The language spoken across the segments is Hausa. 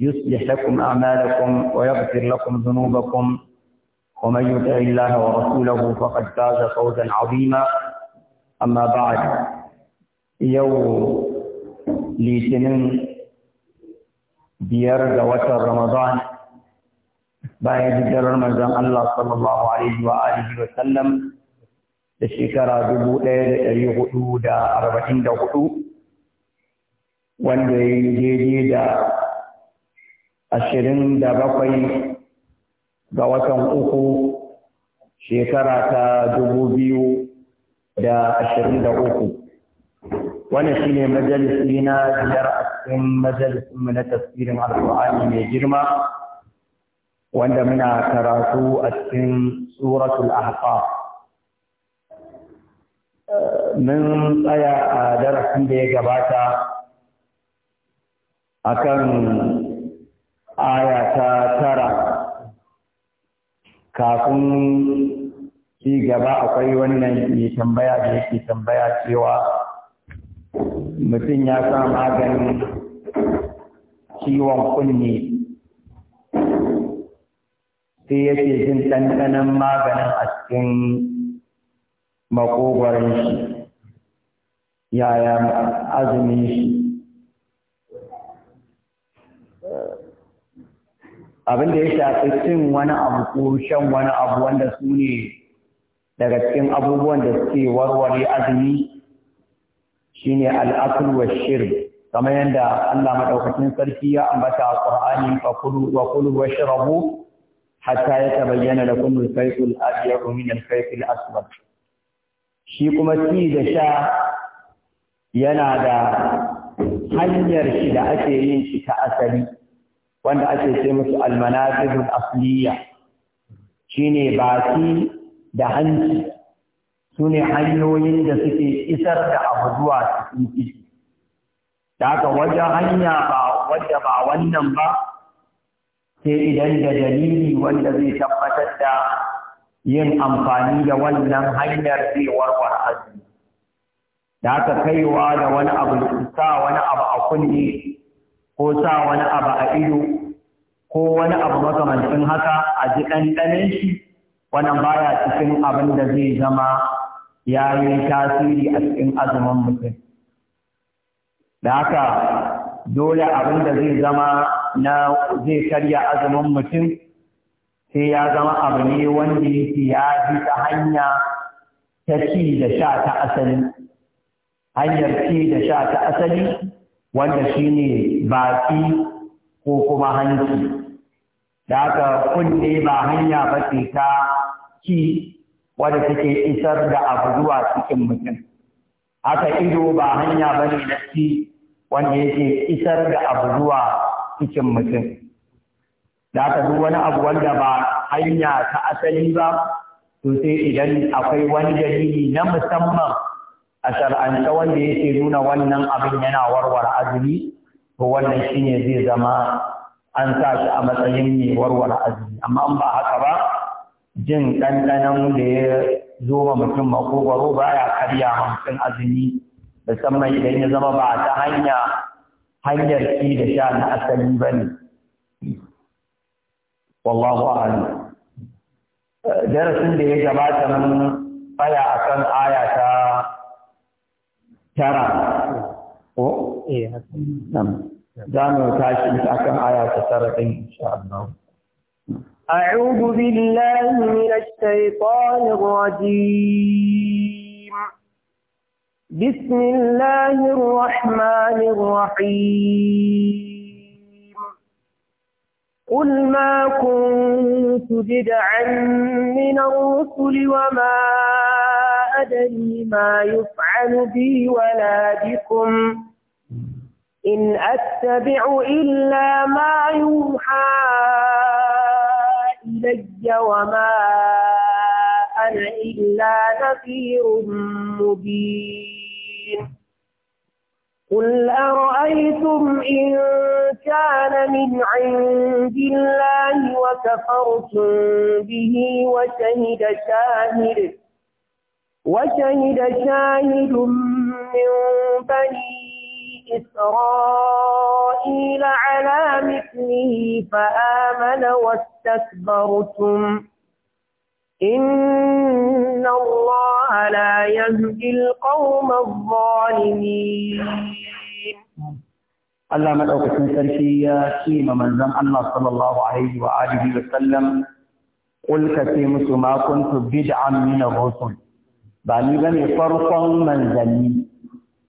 يصلح لكم أعمالكم ويغفر لكم ذنوبكم ومن يطع الله ورسوله فقد فاز فوزا عظيما أما بعد يوم لسنين ديار دوات رمضان بعد ديار رمضان الله صلى الله عليه وآله وسلم الشكرة دبو إير إير أربعين دوكو وان دي دا ashirin da bakwai ga watan uku shekara ta dubu biyu da ashirin da uku wani shi ne majalisi na biyar a cikin majalisinmu na tafsirin alkur'ani mai girma wanda muna karatu a cikin suratul ahqaf mun tsaya a darasin da ya gabata akan aya ta tara kafin ci gaba akwai wannan mai tambaya da yake tambaya cewa mutum ya sa maganin ciwon kunne sai yake jin ɗanɗanon maganin a cikin makogwarin shi yaya azumin shi abin da ya shafi cin wani abu ko shan wani abu wanda su ne daga cikin abubuwan da suke warware azumi shine al'akul wa shirb kamar yadda Allah maɗaukacin sarki ya ambata a Qur'ani fa kulu wa kulu hatta ya lakum al-khayt al-abyad min al-khayt aswad shi kuma ci da sha yana da hanyar shi da ake yin shi ta asali wanda ake ce musu almanasibul asliya shine baki da hanci sune hanyoyin da suke isar da abu zuwa cikin ciki da haka wajen hanya ba wadda ba wannan ba sai idan da dalili wanda zai tabbatar da yin amfani da wannan hanyar zai warware azumi da haka kaiwa da wani abu sa wani abu a kunne ko sa wani abu a ido ko wani abu makamancin haka a ji ɗanɗanen shi wannan baya cikin abin da zai zama ya yi tasiri a cikin azumin mutum da haka dole abin da zai zama na zai karya azumin mutum sai ya zama abu ne wanda yake ya ji ta hanya ta ci da sha ta asali hanyar ci da sha ta asali wanda shi ne. baki ko kuma hanci da aka kunne ba hanya ba ce ta ci wadda take isar da abu zuwa cikin mutum haka ido ba hanya ba ne na ci wanda yake isar da abu zuwa cikin mutum da aka duk wani abu wanda ba hanya ta asali ba to sai idan akwai wani dalili na musamman a shar'anta wanda yake nuna wannan abin yana warware azumi to wannan shi ne zai zama an sa shi a matsayin mai warware azumi amma in ba haka ba jin ɗanɗanon da ya zo ma mutum makogwaro ba ya karya hamsin azumi musamman idan ya zama ba ta hanya hanyar ki da sha na asali ba ne wallahu a'lam darasin da ya gabata mun faya akan aya ta tara إيه. نعم. آية أعوذ بالله من الشيطان الرجيم بسم الله الرحمن الرحيم قل ما كنت بدعا من الرسل وما أدري ما يفعل بي ولا بكم إن أتبع إلا ما يوحى إلي وما أنا إلا نذير مبين قل أرأيتم إن كان من عند الله وكفرتم به وشهد شاهد وشهد شاهد من بني إسرائيل على مثله فآمن واستكبرتم إن الله لا يهدي القوم الظالمين الله ملعوكة سرشية من زم الله صلى الله عليه وآله وسلم قل كثير ما كنت بدعا من الرسل ba ni ba ne farkon manzanni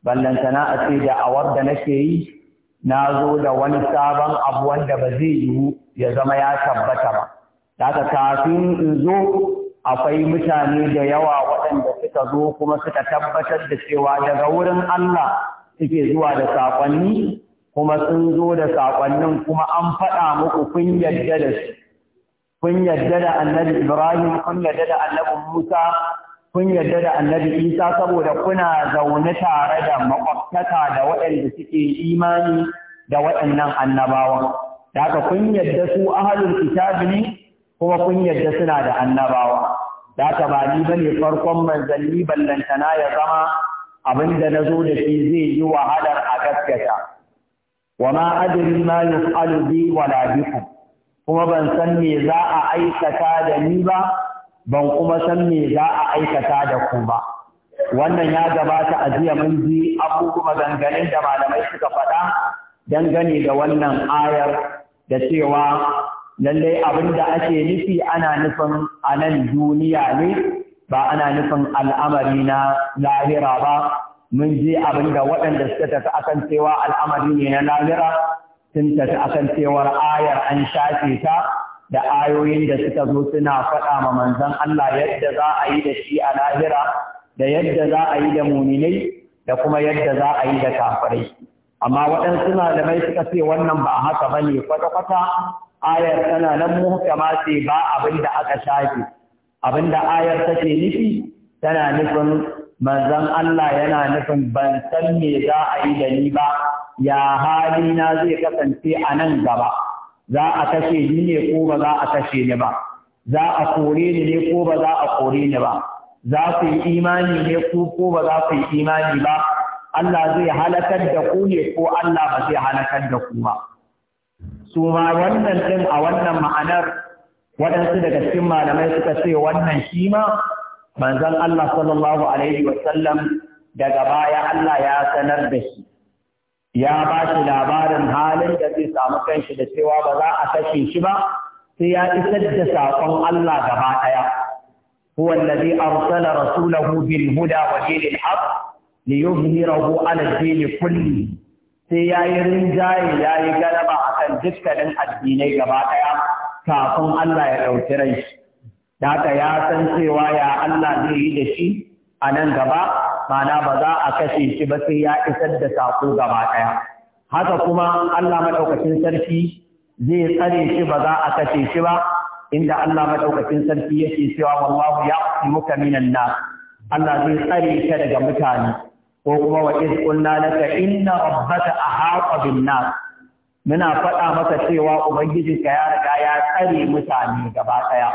ballantana a ce da awar da nake yi na zo da wani sabon abu wanda ba zai yiwu ya zama ya tabbata ba daga kafin in zo akwai mutane da yawa waɗanda suka zo kuma suka tabbatar da cewa daga wurin Allah suke zuwa da saƙonni kuma sun zo da saƙonnin kuma an faɗa muku kun yadda da su kun yadda da annabi Ibrahim kun yadda da annabi Musa kun yarda da annabi isa saboda kuna zaune tare da makwabtaka da waɗanda suke imani da waɗannan annabawan da haka kun yarda su ahalul kitabi ne kuma kun yarda suna da annabawa da haka ba ni bane farkon manzanni ballantana ya zama abin da na zo da shi zai yi wahalar a gaskata wa ma adri ma bi wala bikum kuma ban san me za a aikata da ni ba ban kuma san me za a aikata da ku ba wannan ya gabata a jiya mun ji abubuwa maganganun da malamai suka faɗa dangane da wannan ayar da cewa lallai abin da ake nufi ana nufin a nan duniya ne ba ana nufin al'amari na lahira ba mun ji abin da waɗanda suka tafi akan cewa al'amari ne na lahira sun tafi akan cewar ayar an shafe ta da ayoyin da suka zo suna faɗa ma manzon Allah yadda za a yi da shi a lahira da yadda za a yi da muninai, da kuma yadda za a yi da kafirai amma waɗansu malamai suka ce wannan ba a haka ba ne kwata-kwata ayar tana nan muhkama ce ba abin da aka shafe abin da ayar take nufi tana nufin manzon Allah yana nufin ban san me za a yi da ni ba ya hali na zai kasance a nan gaba za a kashe ni ne ko ba za a kashe ni ba za a kore ni ne ko ba za a kore ni ba za su yi imani ne ko ko ba za su yi imani ba Allah zai halakar da ku ne ko Allah ba zai halakar da ku ba su ma wannan din a wannan ma'anar waɗansu daga cikin malamai suka ce wannan shi ma manzon Allah sallallahu alaihi sallam daga baya Allah ya sanar da shi ya ba shi labarin halin da zai samu kanshi da cewa ba za a kashe shi ba sai ya isar da saƙon Allah gaba ɗaya huwa allazi arsala rasulahu bil huda wa dinil haqq liyuzhirahu ala ad-din kulli sai yayi rinjaye yayi galaba akan dukkanin addinai gaba ɗaya kafin Allah ya ɗauki ran shi da haka ya san cewa ya Allah zai yi da shi a nan gaba mana ba za a kashe shi ba sai ya isar da saƙo gaba ɗaya haka kuma Allah maɗaukacin sarki zai tsare shi ba za a kashe shi ba inda Allah maɗaukacin sarki yake cewa wallahu muka minan nas Allah zai tsare ka daga mutane ko kuma wa iz qulna laka inna rabbaka ahata bin nas muna faɗa maka cewa ubangijinka ya riga ya tsare mutane gaba ɗaya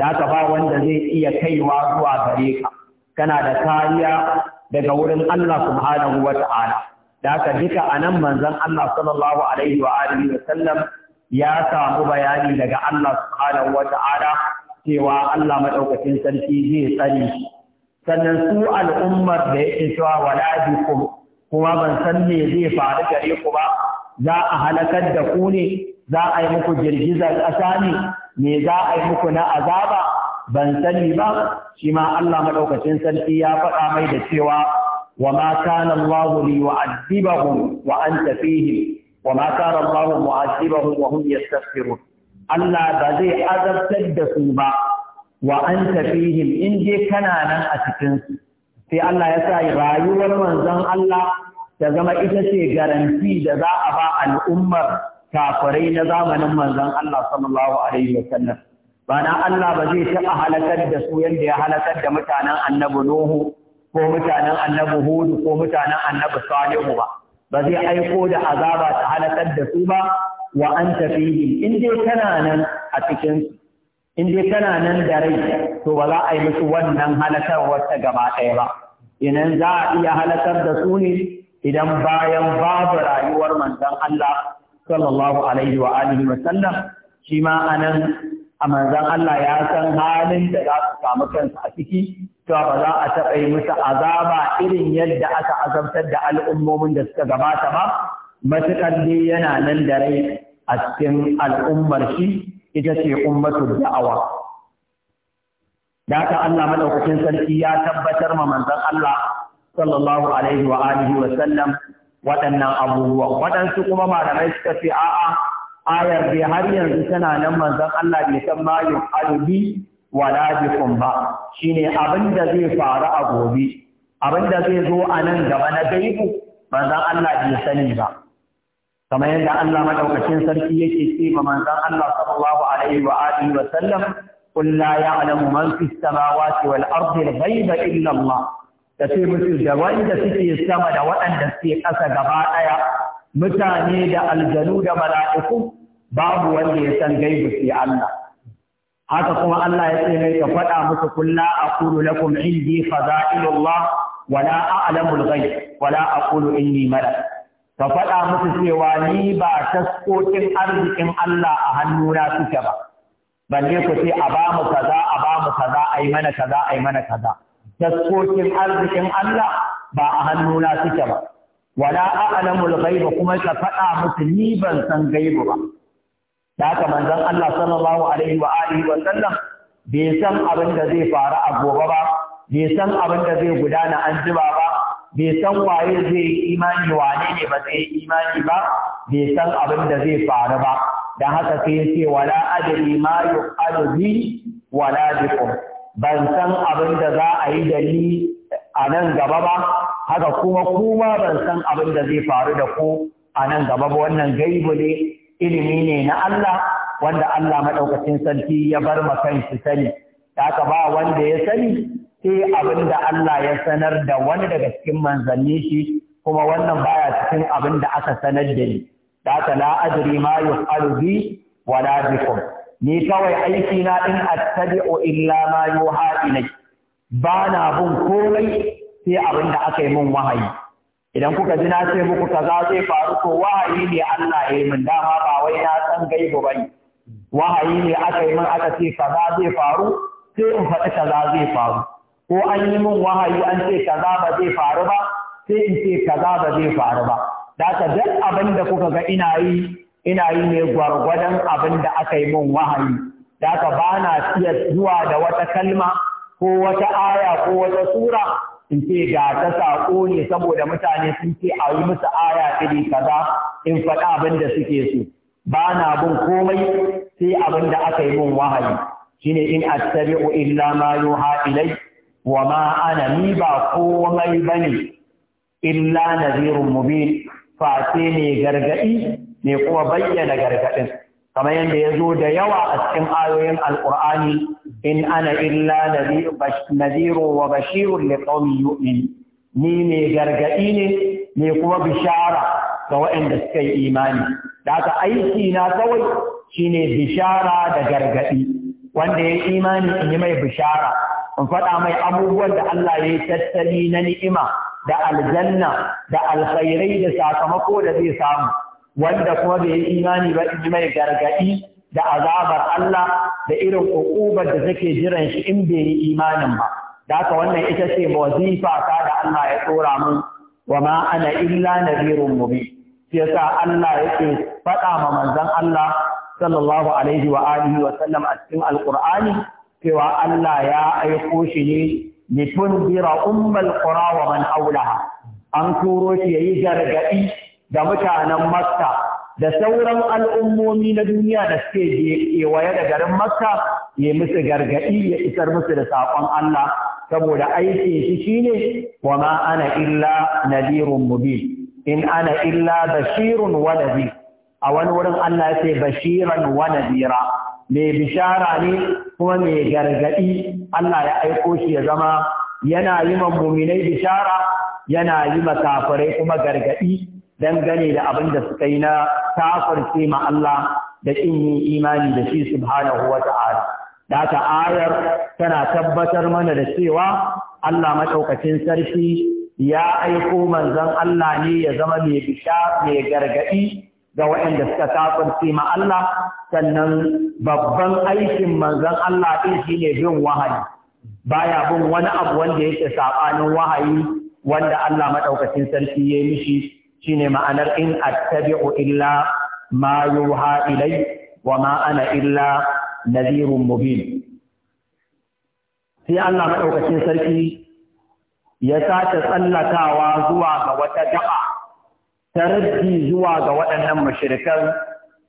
da ka ba wanda zai iya kaiwa zuwa gare ka kana da kariya daga wurin Allah subhanahu wa ta'ala da haka duka nan manzon Allah sallallahu alaihi wa alihi wa sallam ya samu bayani daga Allah subhanahu wa ta'ala cewa Allah maɗaukacin sarki zai tsare sannan su al'ummar da yake cewa wala kuma ban san me zai faru gare ku ba za a halakar da ku ne za a yi muku girgizar ƙasa ne me za a yi muku na azaba ban sani ba shi ma Allah maɗaukacin sarki ya faɗa mai da cewa wa ma kana Allah li yu'adhibahum wa anta fihim wa ma kana Allah mu'adhibahum wa hum yastaghfirun Allah ba zai azabtar da su ba wa anta fihim in je kana nan a cikin su sai Allah ya sa rayuwar manzon Allah ta zama ita ce garanti da za a ba al'ummar kafirai na zamanin manzon Allah sallallahu alaihi wasallam bana Allah ba zai taɓa halakar da su yadda ya halakar da mutanen annabi Nuhu ko mutanen annabi Hudu ko mutanen annabi Salihu ba ba zai aiko da azaba ta halakar da su ba wa tafi yi. in dai kana nan a cikin su in dai kana nan da rai to ba za a yi musu wannan halakarwar ta gaba ɗaya ba idan za a iya halakar da su ne idan bayan babu rayuwar manzon Allah sallallahu alaihi wa alihi wa sallam shi ma anan a manzan Allah ya san halin da za su samu kansu a ciki cewa ba za a taɓa yi musu azaba irin yadda aka azabtar da al'ummomin da suka gabata ba matuƙar dai yana nan da rai a cikin al'ummar shi ita ce ummatu da'awa da haka Allah maɗaukacin sarki ya tabbatar ma manzan Allah sallallahu alaihi wa alihi wa sallam waɗannan abubuwa waɗansu kuma malamai suka ce a'a ayar bai har yanzu tana nan manzon Allah bai san ma yuqalu wala bikum ba shine abin da zai faru a gobe abin da zai zo a nan gaba na gaibu manzon Allah bai sani ba kamar yadda Allah madaukakin sarki yake ce ma manzon Allah sallallahu alaihi wa alihi wa sallam qul la ya'lamu man fis samawati wal ardi al ghaiba illa Allah da sai da wanda suke sama da waɗanda suke ƙasa gaba ɗaya mutane da aljanu da mala'iku babu wanda ya san gaibu sai Allah haka kuma Allah ya ce ka faɗa musu kullu aqulu lakum indi khaza'ilullah wala a'lamul gai, wala aqulu inni mara. ka faɗa musu cewa ni ba taskokin arzikin Allah a hannuna suke ba balle ku ce a ba mu kaza a ba mu kaza ai mana kaza ai mana kaza taskokin arzikin Allah ba a hannuna suke ba wala a'lamul ghaiba kuma ka faɗa musu ni ban san gaibu ba da haka manzon Allah sallallahu alaihi wa alihi wa sallam bai san abin da zai faru a gobe ba bai san abin da zai gudana an jiba ba bai san waye zai imani wane ne ba zai imani ba bai san abin da zai faru ba dan haka sai yace wala adri ma yuqalu bi wala bikum ban san abin da za a yi da ni a nan gaba ba haka kuma kuma ban san abin da zai faru da ku a nan gaba ba wannan gaibu ne ilimi ne na Allah wanda Allah maɗaukacin sarki ya bar ma kanshi sani da haka ba wanda ya sani sai abin da Allah ya sanar da wani daga cikin manzanni shi kuma wannan baya cikin abin da aka sanar da ni da haka la ajri ma yuqalu bi wala bikum ni kawai aiki na in attabi'u illa ma yuha ba na bin komai sai abin da aka yi min wahayi idan kuka ji na ce muku kaza zai faru ko wahayi ne Allah ya yi min dama ba wai na san gaibu bane wahayi ne aka yi min aka ce kaza zai faru sai in faɗi kaza zai faru ko an yi min wahayi an ce kaza ba zai faru ba sai in ce kaza ba zai faru ba da ka duk abin da kuka ga ina yi ina yi ne gwargwadon abin da aka yi min wahayi da ka ba na iya zuwa da wata kalma ko wata aya ko wata sura in ce ga ta saƙo ne saboda mutane sun ce a yi musu aya iri kaza in faɗa abin da suke so ba na bin komai sai abin da aka yi min wahayi shine in attabi'u illa ma yuha ilai wa ma ana ni ba komai bane illa nazirun mubin fa sai ne gargadi ne kuma bayyana gargaɗin. kamar yadda ya zo da yawa a cikin ayoyin alkur'ani in ana illa naziru wa bashirun li qaumin yu'min ni ne gargadi ne ne kuma bishara ga waɗanda suka yi imani da haka aiki na kawai shine bishara da gargadi wanda ya imani in yi mai bishara in faɗa mai abubuwan da Allah ya yi tattali na ni'ima da aljanna da alkhairai da sakamako da zai samu wanda kuma bai yi imani ba in mai gargaɗi da azabar Allah da irin ƙuƙubar da take jiran shi in bai yi imanin ba. Da haka wannan ita ce wazifa ta da Allah ya tsora mun wa ma ana illa nadirun mubi. Shi yasa Allah yake faɗa ma manzon Allah sallallahu alaihi wa alihi wa sallam a cikin Alƙur'ani cewa Allah ya aiko shi ne litun bira ummal qura wa man haulaha. An turo shi yayi gargaɗi Da mutanen Makka da sauran al'ummomi na duniya da suke kewaye da garin Makka ya musu gargaɗi ya isar musu da saƙon Allah saboda aiki shi shine wa ma ana illa nadirun mubin in ana illa bashirun wa nadir a wani wurin Allah ya ce bashiran wa nadira mai bishara ne kuma mai gargaɗi Allah ya aiko shi ya zama yana yi muminai bishara yana yi makafirai kuma gargaɗi dangane da abin da suka yi na kafarce ma Allah da kin yi imani da shi subhanahu wa ta'ala da ayar tana tabbatar mana da cewa Allah maɗaukacin sarki ya aiko manzon Allah ne ya zama mai bisha mai gargaɗi ga waɗanda suka kafarce ma Allah sannan babban aikin manzon Allah ɗin ne bin wahayi baya bin wani abu wanda yake saɓanin wahayi wanda Allah maɗaukacin sarki ya yi mishi shine ma'anar in attabi'u illa ma yuha ilai wa ma ana illa nazirun mubin sai Allah madaukakin sarki ya sace tsallakawa zuwa ga wata ta taraddi zuwa ga waɗannan mushrikan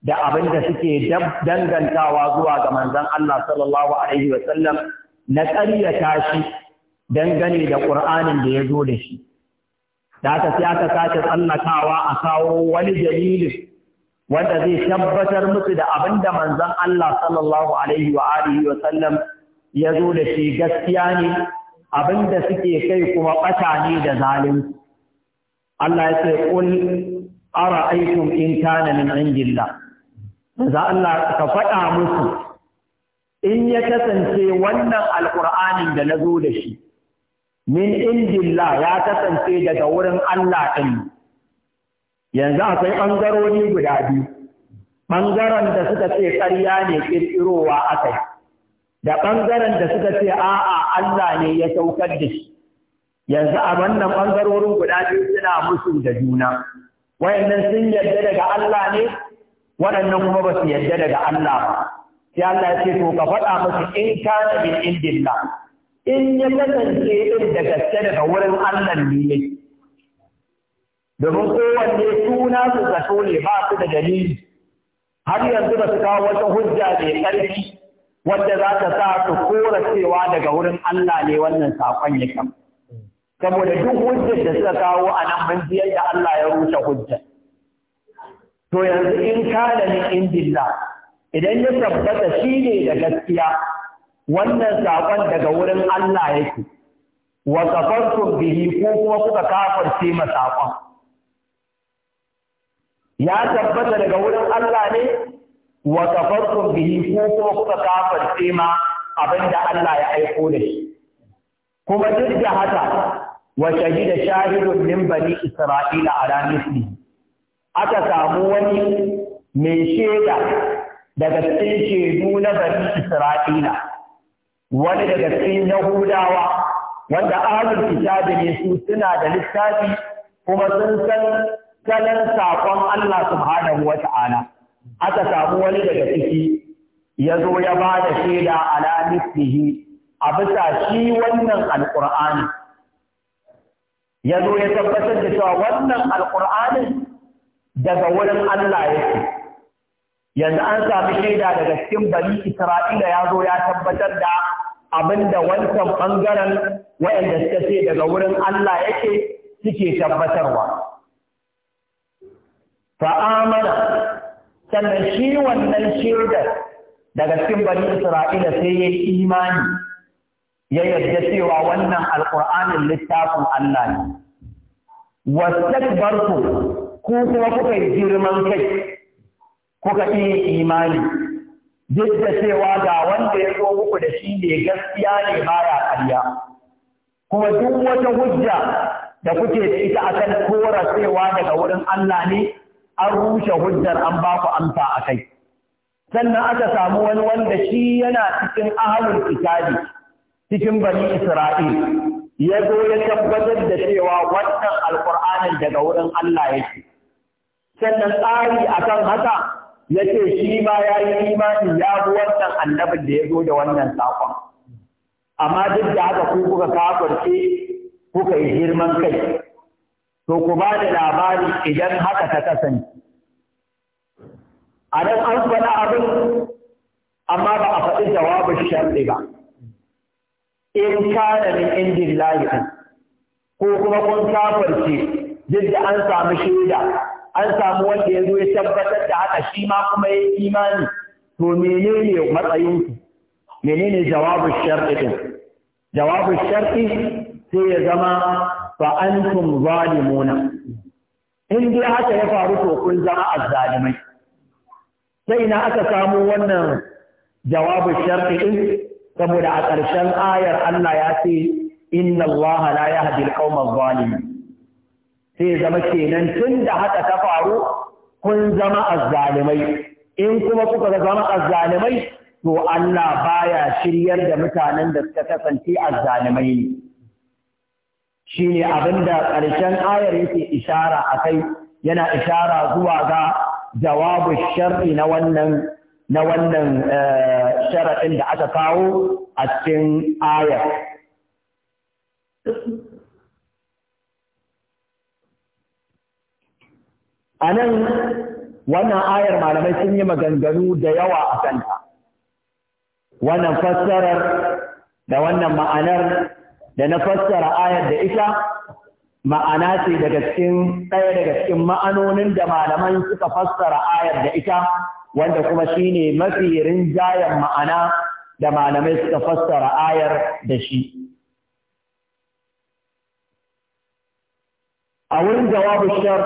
da abin da suke dangantawa zuwa ga manzon Allah sallallahu alaihi wa sallam na ƙaryata shi dangane da ƙur'anin da ya zo da shi da aka sai aka sake tsallakawa a kawo wani dalilin wanda zai tabbatar musu da abin da manzon Allah sallallahu alaihi wa alihi wa sallam ya zo da shi gaskiya ne abin da suke kai kuma bata ne da zalunci Allah ya ce qul ara'aytum in kana min indillah manzon Allah ka faɗa musu in ya kasance wannan alqur'anin da na zo da shi min indillah ya kasance daga wurin Allah din yanzu akwai bangarori guda biyu Bangaran da suka ce ƙarya ne ƙirƙirowa aka yi da ɓangaren da suka ce a'a Allah ne ya saukar da shi yanzu a wannan bangarorin guda biyu suna musu da juna wayannan sun yarda daga Allah ne waɗannan kuma ba su yarda daga Allah ba sai Allah ya ce to ka faɗa musu in kana min indillah in ya kasance ɗin da gaske daga wurin Allah ne yake domin kowanne suna su zato ne ba su da dalili har yanzu ba su kawo wata hujja mai ƙarfi wadda za ta sa su kora cewa daga wurin Allah ne wannan saƙon ya kam. Saboda duk hujjar da suka kawo a nan mun ji yadda Allah ya rushe hujjar. To yanzu in kana in indillah idan ya tabbata shi ne da gaskiya wannan saƙon daga wurin Allah yake wa kafartum bihi ko kuma kuka kafarce ma saƙon ya tabbata daga wurin Allah ne wa kafartum bihi ko kuma kuka kafarce ma abinda Allah ya aiko da shi kuma duk da haka wa shahida shahidun min bani isra'ila ala misli aka samu wani mai shaida daga cikin shaidu na bani isra'ila wani daga cikin yahudawa wanda ahlul kitabi ne su suna da littafi kuma sun san salon saƙon Allah subhanahu wata'ala aka samu wani daga ciki ya zo ya ba da shaida ala mislihi a bisa shi wannan alƙur'ani ya zo ya tabbatar da cewa wannan alƙur'anin daga wurin Allah yake yanzu an sami shaida daga cikin bari isra'ila ya zo ya tabbatar da abin da wancan ɓangaren waɗanda suka ce daga wurin Allah yake suke tabbatarwa. Fa'amana sannan shi wannan shaida daga cikin bari isra'ila sai ya yi imani ya yarda cewa wannan alƙur'anin littafin Allah ne. Wasu ku kuma kuka yi girman kai kuka iya imani duk da cewa ga wanda ya zo muku da shi ne gaskiya ne baya ƙarya kuma duk wata hujja da kuke da ita akan kora cewa daga wurin Allah ne an rushe hujjar an ba ku amsa a kai sannan aka samu wani wanda shi yana cikin ahalin kitabi cikin bani Isra'il ya zo ya tabbatar da cewa wannan alƙur'anin daga wurin Allah yake sannan tsari akan haka ya ce shi ma ya yi imani ya bi wannan annabin da ya zo da wannan saƙon amma duk da haka ku kuka kafarce kuka yi girman kai to ku ba da labari idan haka ta kasance a nan an faɗa abin amma ba a faɗi jawabin sharɗi ba in kana min indin layi ko kuma kun kafarce duk da an samu shaida an samu wanda ya zo ya tabbatar da haka shi ma kuma ya yi imani to menene matsayinku menene jawabin sharɗi din jawabin sharɗi sai ya zama fa antum zalimuna in dai haka ya faru to kun zama azzalimai sai ina aka samu wannan jawabin sharɗi din saboda a ƙarshen ayar Allah ya ce inna Allah la yahdi al-qawma adh-dhalimin sai zama kenan tun da haka ta faru kun zama azzalimai in kuma kuka zama azzalimai to Allah baya shiryar da mutanen da suka kasance azzalimai ne shine abinda ƙarshen ayar yake ishara akai yana ishara zuwa ga jawabu sharri na wannan na wannan eh, sharaɗin da aka kawo a cikin ayar a nan wannan ayar malamai sun yi maganganu da yawa a kanta wannan fassarar da wannan ma'anar da na fassara ayar da ita ma'ana ce daga cikin ɗaya daga cikin ma'anonin da malaman suka fassara ayar da ita wanda kuma shine mafi rinjayen ma'ana da malamai suka fassara ayar da shi a wurin jawabin shar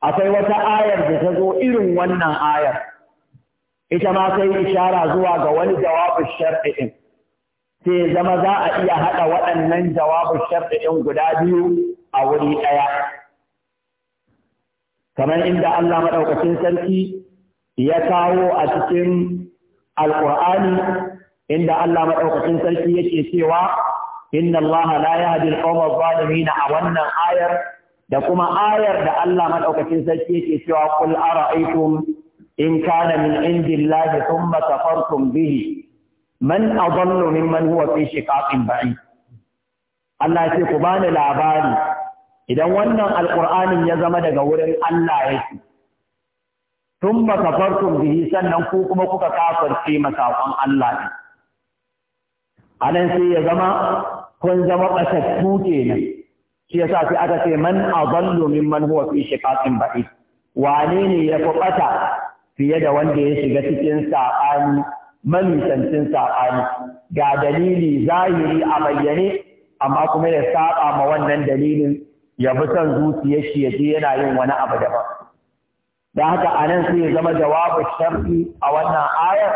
akwai wata ayar da ta zo irin wannan ayar ita ma sai ishara zuwa ga wani jawabin shar'i sai zama za a iya haɗa waɗannan jawabin shar'i guda biyu a wuri ɗaya kamar inda Allah maɗaukacin sarki ya kawo a cikin alƙur'ani inda Allah maɗaukacin sarki yake cewa inna Allah la yahdi al-qawma adh-dhalimin a wannan ayar da kuma ayar da Allah maɗaukacin sarki yake cewa qul ara'aytum in kana min indillahi thumma kafartum bihi man adallu mimman huwa fi shiqaqin ba'id Allah ya ce ku bani labari idan wannan alqur'anin ya zama daga wurin Allah yake thumma kafartum bihi sannan ku kuma kuka kafirce masakon Allah ne anan sai ya zama kun zama ƙasattu kenan shi yasa sai aka ce man adallu mimman huwa fi shiqaqin ba'id wane ne ya fi bata fiye da wanda ya shiga cikin sa'ani, cancin sa'ani ga dalili zahiri a bayyane amma kuma ya saba ma wannan dalilin ya bi son zuciyar shi ya je yana yin wani abu daban da haka a nan sai ya zama jawabu sharfi a wannan ayar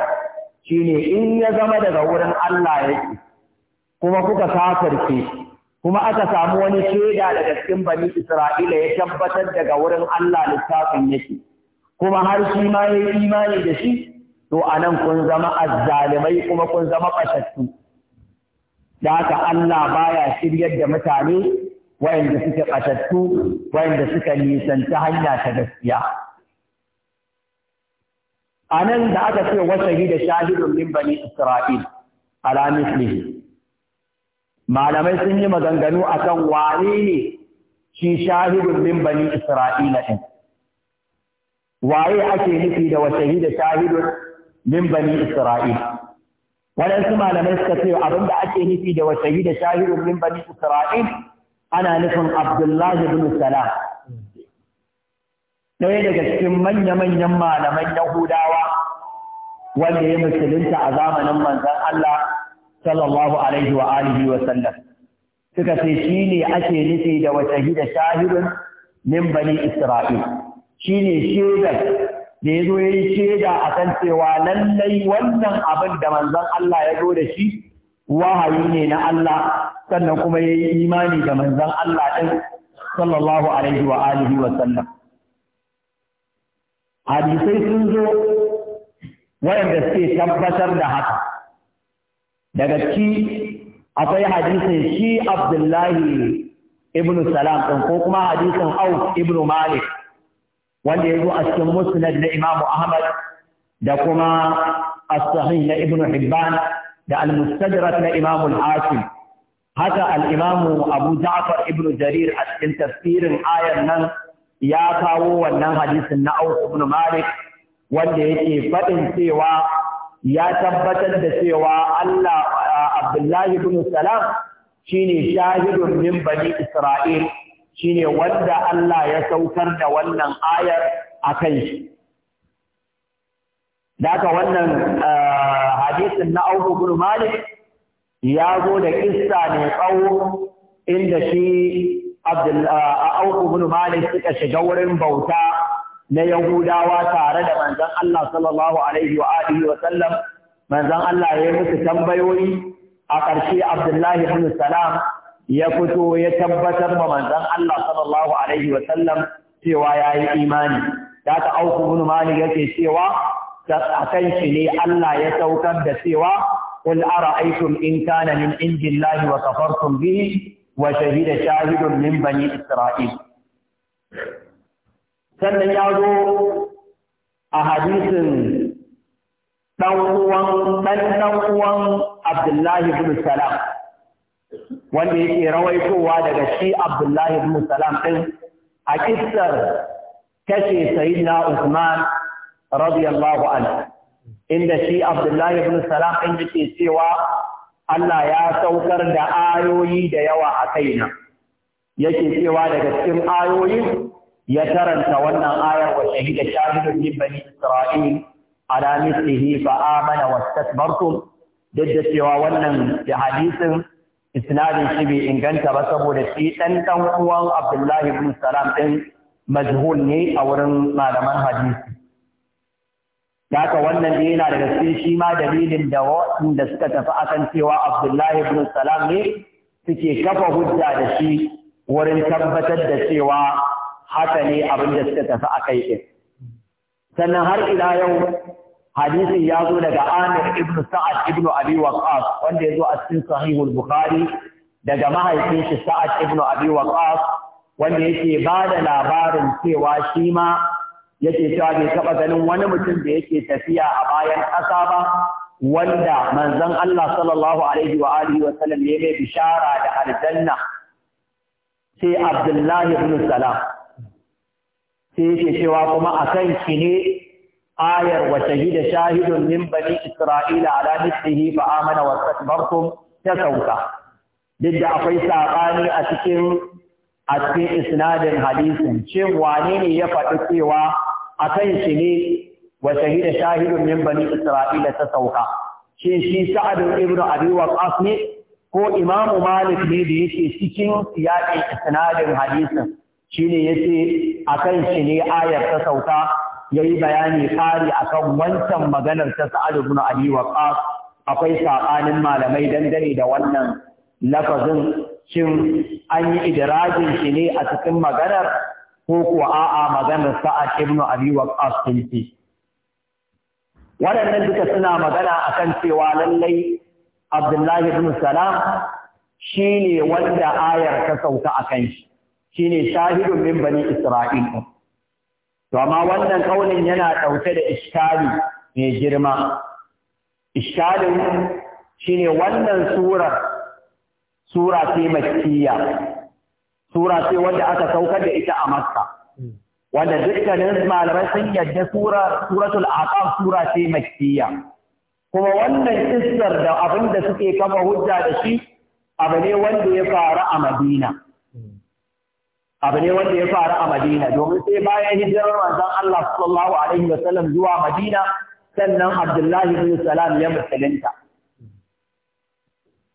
shine in ya zama daga wurin Allah yake kuma kuka kafirce kuma aka samu wani shaida daga cikin bani Isra'ila ya tabbatar daga wurin Allah littafin yake kuma har shi ma ya imani da shi to anan kun zama azzalimai kuma kun zama fashattu da aka Allah baya shiryar da mutane wayanda suke fashattu wayanda suka nisanci hanya ta gaskiya anan da aka ce wasa da shahidun min bani Isra'il ala mislihi malamai sun yi maganganu akan wane ne shi shahidun min bani Isra'ila ɗin. Waye ake nufi da wace da shahidun min bani Isra'ila? Waɗansu malamai suka ce abin da ake nufi da wace da shahidun min bani Isra'ila ana nufin Abdullahi bin Salam. Ɗaya daga cikin manya-manyan malaman Yahudawa wanda ya musulunta a zamanin manzon Allah sallallahu alaihi wa alihi wa sallam suka ce shi ne ake nufi da wata hida shahirin min bani isra'il shine ne shaidar da ya zo ya yi shaida a kan cewa lallai wannan abin da manzon Allah ya zo da shi wahayi ne na Allah sannan kuma yayi imani da manzon Allah ɗin sallallahu alaihi wa alihi wa sallam hadisai sun zo wayanda suke tabbatar da haka daga ci akwai hadisin shi abdullahi ibn salam ɗin ko kuma hadisin auf ibn malik wanda ya zo a cikin musnad na imam ahmad da kuma as-sahih na ibn hibban da al-mustadrak na imam al-hakim haka al imamu abu ja'far ibn jarir a cikin tafsirin ayar nan ya kawo wannan hadisin na auf ibn malik wanda yake faɗin cewa ya tabbatar da cewa Allah uh, Abdullahi bin Salam shine shahidun min bani Isra'il shine wanda Allah ya saukar da wannan ayar akan shi Daka wannan uh, hadisin na Abu bin Malik ya zo da kissa ne tsawo inda shi uh, Abu bin Malik suka shiga wurin bauta na Yahudawa tare da manzon Allah sallallahu alaihi wa alihi wa sallam manzon Allah ya yi musu tambayoyi a ƙarshe Abdullahi ibn Salam ya fito ya tabbatar ma manzon Allah sallallahu alaihi wa sallam cewa yayi imani da ta auku ibn Malik yake cewa akan shi ne Allah ya saukar da cewa قل in إن كان من عند الله وكفرتم به وشهد شاهد من بني isra'il'. sannan ya zo a hadisin ɗan'uwan, uwan ɗan Abdullahi ibn Salam wanda yake rawaitowa daga shi Abdullahi ibn Salam ɗin a kissar kashe na Usman radiyallahu anhu inda shi Abdullahi ibn Salam ɗin yake cewa Allah ya saukar da ayoyi da yawa a kaina yake cewa daga cikin ayoyin ya karanta wannan ayar wa shahida shahidun min bani Isra'il ala mithlihi fa amana wastakbartum duk da cewa wannan da hadisin isnadin shi bai inganta ba saboda shi dan dan uwan Abdullahi ibn Salam din majhul ne a wurin malaman hadisi haka wannan da yana daga cikin shi ma dalilin da waɗanda suka tafi akan cewa Abdullahi ibn Salam ne suke kafa hujja da shi wurin tabbatar da cewa haka ne abin da suka tafi a kai ɗin. Sannan har ila yau hadisin ya zo daga Amir ibn Sa'ad ibn Abi Waqqas wanda ya zo a cikin Sahihul Bukhari daga mahaifin shi Sa'ad ibn Abi Waqqas wanda yake ba da labarin cewa shi ma yake cewa bai taɓa ganin wani mutum da yake tafiya a bayan ƙasa ba wanda manzon Allah sallallahu alaihi wa alihi wa sallam ne mai bishara da aljanna sai Abdullahi ibn Salam sai yake cewa kuma akan ki ne ayar wa shahida shahidun min bani isra'ila ala mithlihi fa amana wa takbartum ta sauka duk da akwai saɓani a cikin a cikin isnadin hadisin shin wane ne ya faɗi cewa akan shi ne wa shahida shahidun min bani isra'ila ta sauka shin shi sa'adun ibnu abi waqas ne ko imamu malik ne da yake cikin siyaƙin isnadin hadisin shine yace akan shi ne ayar ta sauka yayi bayani kari akan wancan maganar ta Sa'ad ibn Abi Waqqas akwai sabanin malamai dangane da wannan lafazin shin an yi idrajin shi ne a cikin maganar ko kuwa a'a maganar Sa'ad ibn Abi Waqqas ce waɗannan duka suna magana akan cewa lallai Abdullahi ibn Salam shi ne wanda ayar ta sauka a kan shi shine shahidun min bani Isra'il. To amma wannan ƙaunin yana ɗauke da iskali mai girma. Iskalin shine wannan surar sura ce makkiya. Sura ce wanda aka saukar da ita a Makka. Wanda dukkanin malamai sun yadda sura suratul aqab sura ce makkiya. Kuma wannan kissar da abin da suke kafa hujja da shi abu ne wanda ya faru a Madina. abu ne wanda ya faru a Madina domin sai bayan hijirar manzon Allah sallallahu alaihi wasallam zuwa Madina sannan Abdullahi bin Salam ya musulunta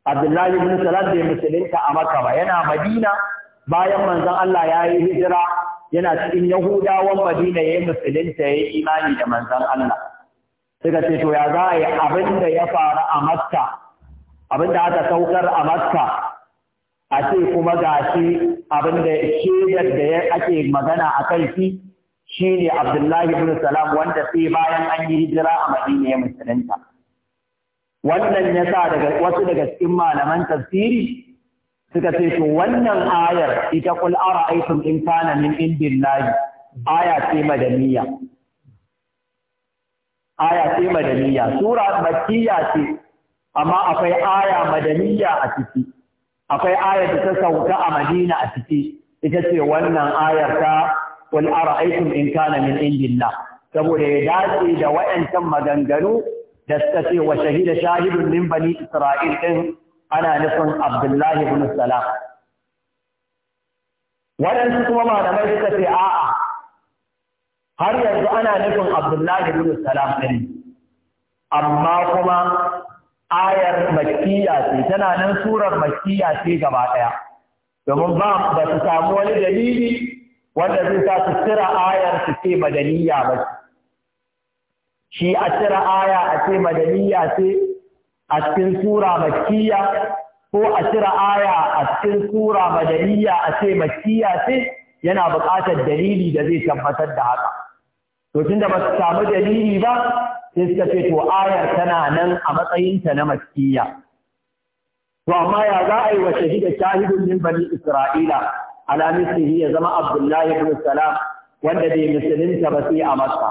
Abdullahi bin Salam bai musulunta a Makka ba yana Madina bayan manzon Allah ya yi hijira yana cikin Yahudawan Madina ya yi musulunta ya yi imani da manzon Allah suka ce to ya za a yi abin da ya faru a Makka abin da aka saukar a Makka a ce kuma ga shi abin da shaidar da ya ake magana a kai shi shi ne Abdullahi ibn Salam wanda sai bayan an yi hijira a Madina ya musulunta wannan ya sa daga wasu daga cikin malaman tafsiri suka ce to wannan ayar ita kul ara'aytum in kana min indillahi aya ce madaniya aya ce madaniya sura makkiya ce amma akwai aya madaniya a ciki akwai ayar da ta sauka a Madina a ciki ita ce wannan ayar ta wal ara'aytum in kana min indillah saboda ya dace da wayancan maganganu da suka ce wa shahida shahidun min bani isra'il din ana nufin Abdullahi ibn Salam waɗansu kuma malamai suka ce a'a har yanzu ana nufin Abdullahi ibn Salam din amma kuma ayar makkiya ce tana nan surar makkiya ce gaba ɗaya domin ba ba su samu wani dalili wanda zai sa su tsira ayar su ce madaniya ba shi a tsira aya a ce madaniya ce a cikin sura makkiya ko a cira aya a cikin sura madaniya a ce makkiya ce yana buƙatar dalili da zai tabbatar da haka to tunda ba su samu dalili ba sai suka ce to ayar tana nan a matsayinta na maskiya to amma ya za a yi wa shahida shahidun min bani isra'ila ala mislihi ya zama abdullahi ibn salam wanda bai musulunta ba sai a makka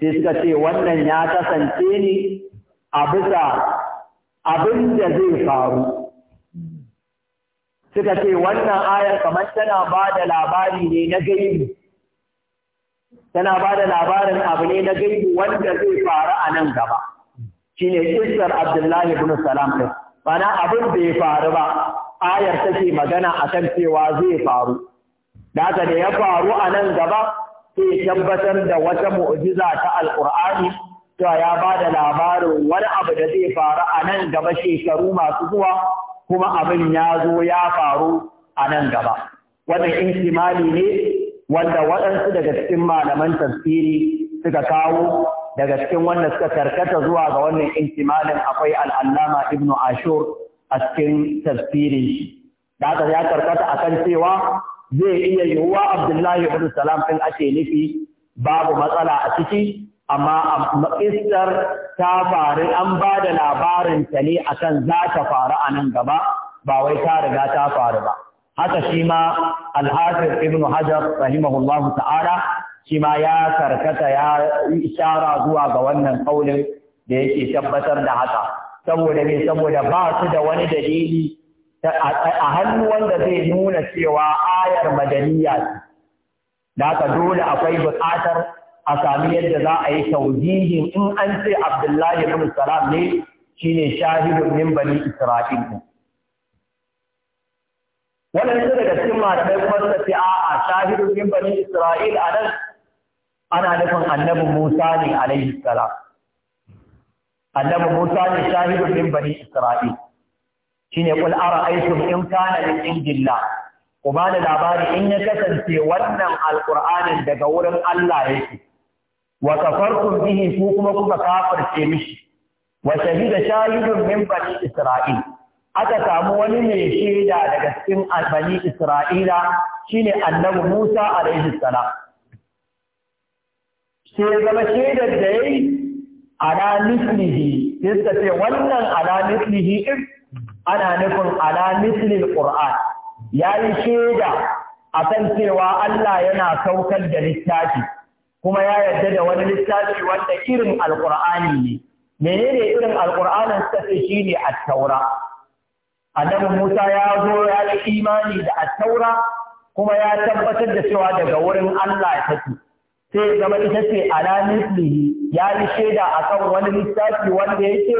sai suka ce wannan ya kasance ne a bisa abin da zai faru suka ce wannan ayar kamar tana ba da labari ne na gaibi tana ba da labarin abu ne na gaibu wanda zai faru a nan gaba shi ne isar abdullahi ibn salam ɗin mana abin bai faru ba ayar take magana akan cewa zai faru da haka da ya faru a nan gaba sai tabbatar da wata mu'jiza ta alqur'ani cewa ya ba da labarin wani abu da zai faru a nan gaba shekaru masu zuwa kuma abin ya zo ya faru a nan gaba wannan ihtimali ne wanda waɗansu daga cikin malaman tafsiri suka kawo daga cikin wanda suka karkata zuwa ga wannan intimalin akwai al'allama ibnu ashur a cikin tafsirin shi da haka ya karkata akan cewa zai iya yiwuwa abdullahi ibn salam ɗin ake nufi babu matsala a ciki amma istar ta faru an ba da labarinta ne akan za ta faru a nan gaba ba wai ta riga ta faru ba haka shi ma alhafir ibn hajar rahimahullah ta'ala shi ma ya karkata ya ishara zuwa ga wannan kaulin da yake tabbatar da haka saboda me saboda ba su da wani dalili a hannu wanda zai nuna cewa ayar madaniya ce haka dole akwai buƙatar a sami yadda za a yi taujihin in an ce abdullahi ibn salam ne shine shahidun min bani isra'il wannan da daga cikin malamai kuma suka ce a'a shahidu bani Isra'il a nan ana nufin annabi Musa ne alaihi salam annabi Musa ne shahidu bani Isra'il shine qul ara'aytum in kana min indillah ku da labari in ya kasance wannan Alƙur'ani daga wurin Allah yake wa kafartum bihi ku kuma kuka kafirce mishi wa shahida shahidun min bani Isra'il aka samu wani mai shaida daga cikin albani Isra'ila shine annabi Musa alaihi salam sai zama shaidar da yayi ala mislihi sai suka ce wannan ala mislihi ana nufin ala mislil qur'an yayi shaida akan cewa Allah yana saukar da littafi kuma ya yarda da wani littafi wanda irin alqur'ani ne menene irin alqur'anin suka ce ne at-taura annabi Musa ya zo ya yi imani da attaura kuma ya tabbatar da cewa daga wurin Allah take sai zama ita ce ala mislihi ya yi shaida akan wani littafi wanda yake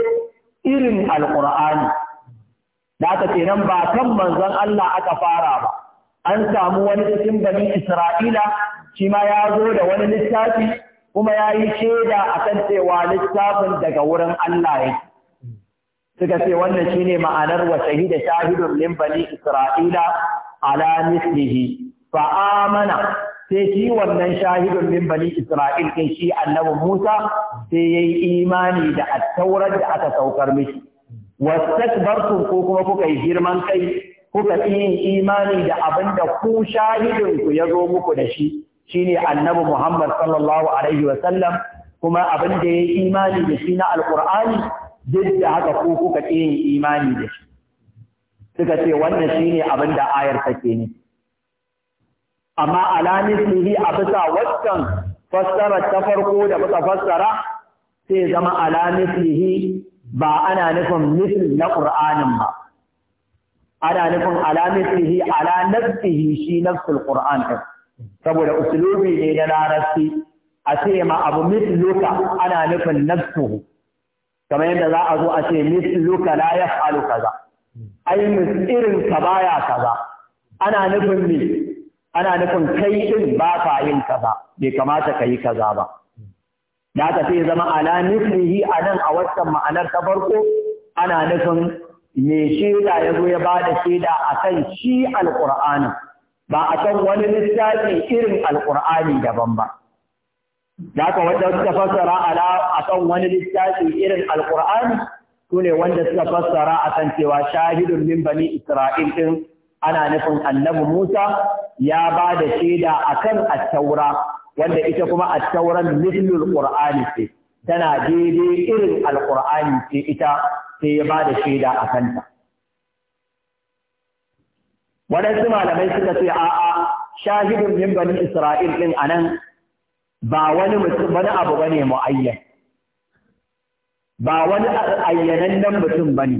irin alqur'ani da aka ce nan ba kan manzon Allah aka fara ba an samu wani cikin bani Isra'ila shi ma ya zo da wani littafi kuma ya yi shaida akan cewa littafin daga wurin Allah yake suka ce wannan shine ma'anar wa shahida shahidun min bani isra'ila ala mislihi fa amana sai shi wannan shahidun min bani isra'il din shi annabi Musa sai yayi imani da at-taurat da aka saukar mishi wastakbartum ko kuma kuka yi girman kai kuka yi imani da abin da ku shahidin ku ya zo muku da shi shine annabi Muhammad sallallahu alaihi wa sallam kuma abin da yayi imani da shi na alqur'ani duk da haka ko kuka ƙi yin imani da shi suka ce wannan shine abin da ayar take ne amma ala a bisa waccan fassara ta farko da muka fassara sai zama ala ba ana nufin misl na qur'anin ba ana nufin ala ala nafsihi shi nafsul qur'an din saboda usulubi ne na larabci a ce ma abu misluka ana nufin nafsuhu kamar yadda za a zo a ce misluka la yaf'alu kaza ai irin ka baya kaza ana nufin me ana nufin kai din ba ka yin kaza bai kamata ka yi kaza ba da aka sai zama ala nufihi a nan a waccan ma'anar ta farko ana nufin me shaida ya zo ya ba da shaida akan shi alƙur'anin ba a kan wani littafi irin alƙur'ani daban ba da haka wadda suka fassara ala akan wani littafi irin Su sune wanda suka fassara akan cewa shahidun min bani isra'il din ana nufin annabi Musa ya ba da shaida akan at-taura wanda ita kuma at-tauran mithlul qur'ani ce tana daidai irin alqur'ani ce ita sai ya ba da shaida a kanta. waɗansu malamai suka ce a'a shahidun min bani isra'il din anan ba wani mutum wani abu bane muayyan ba wani ayyanannen mutum bane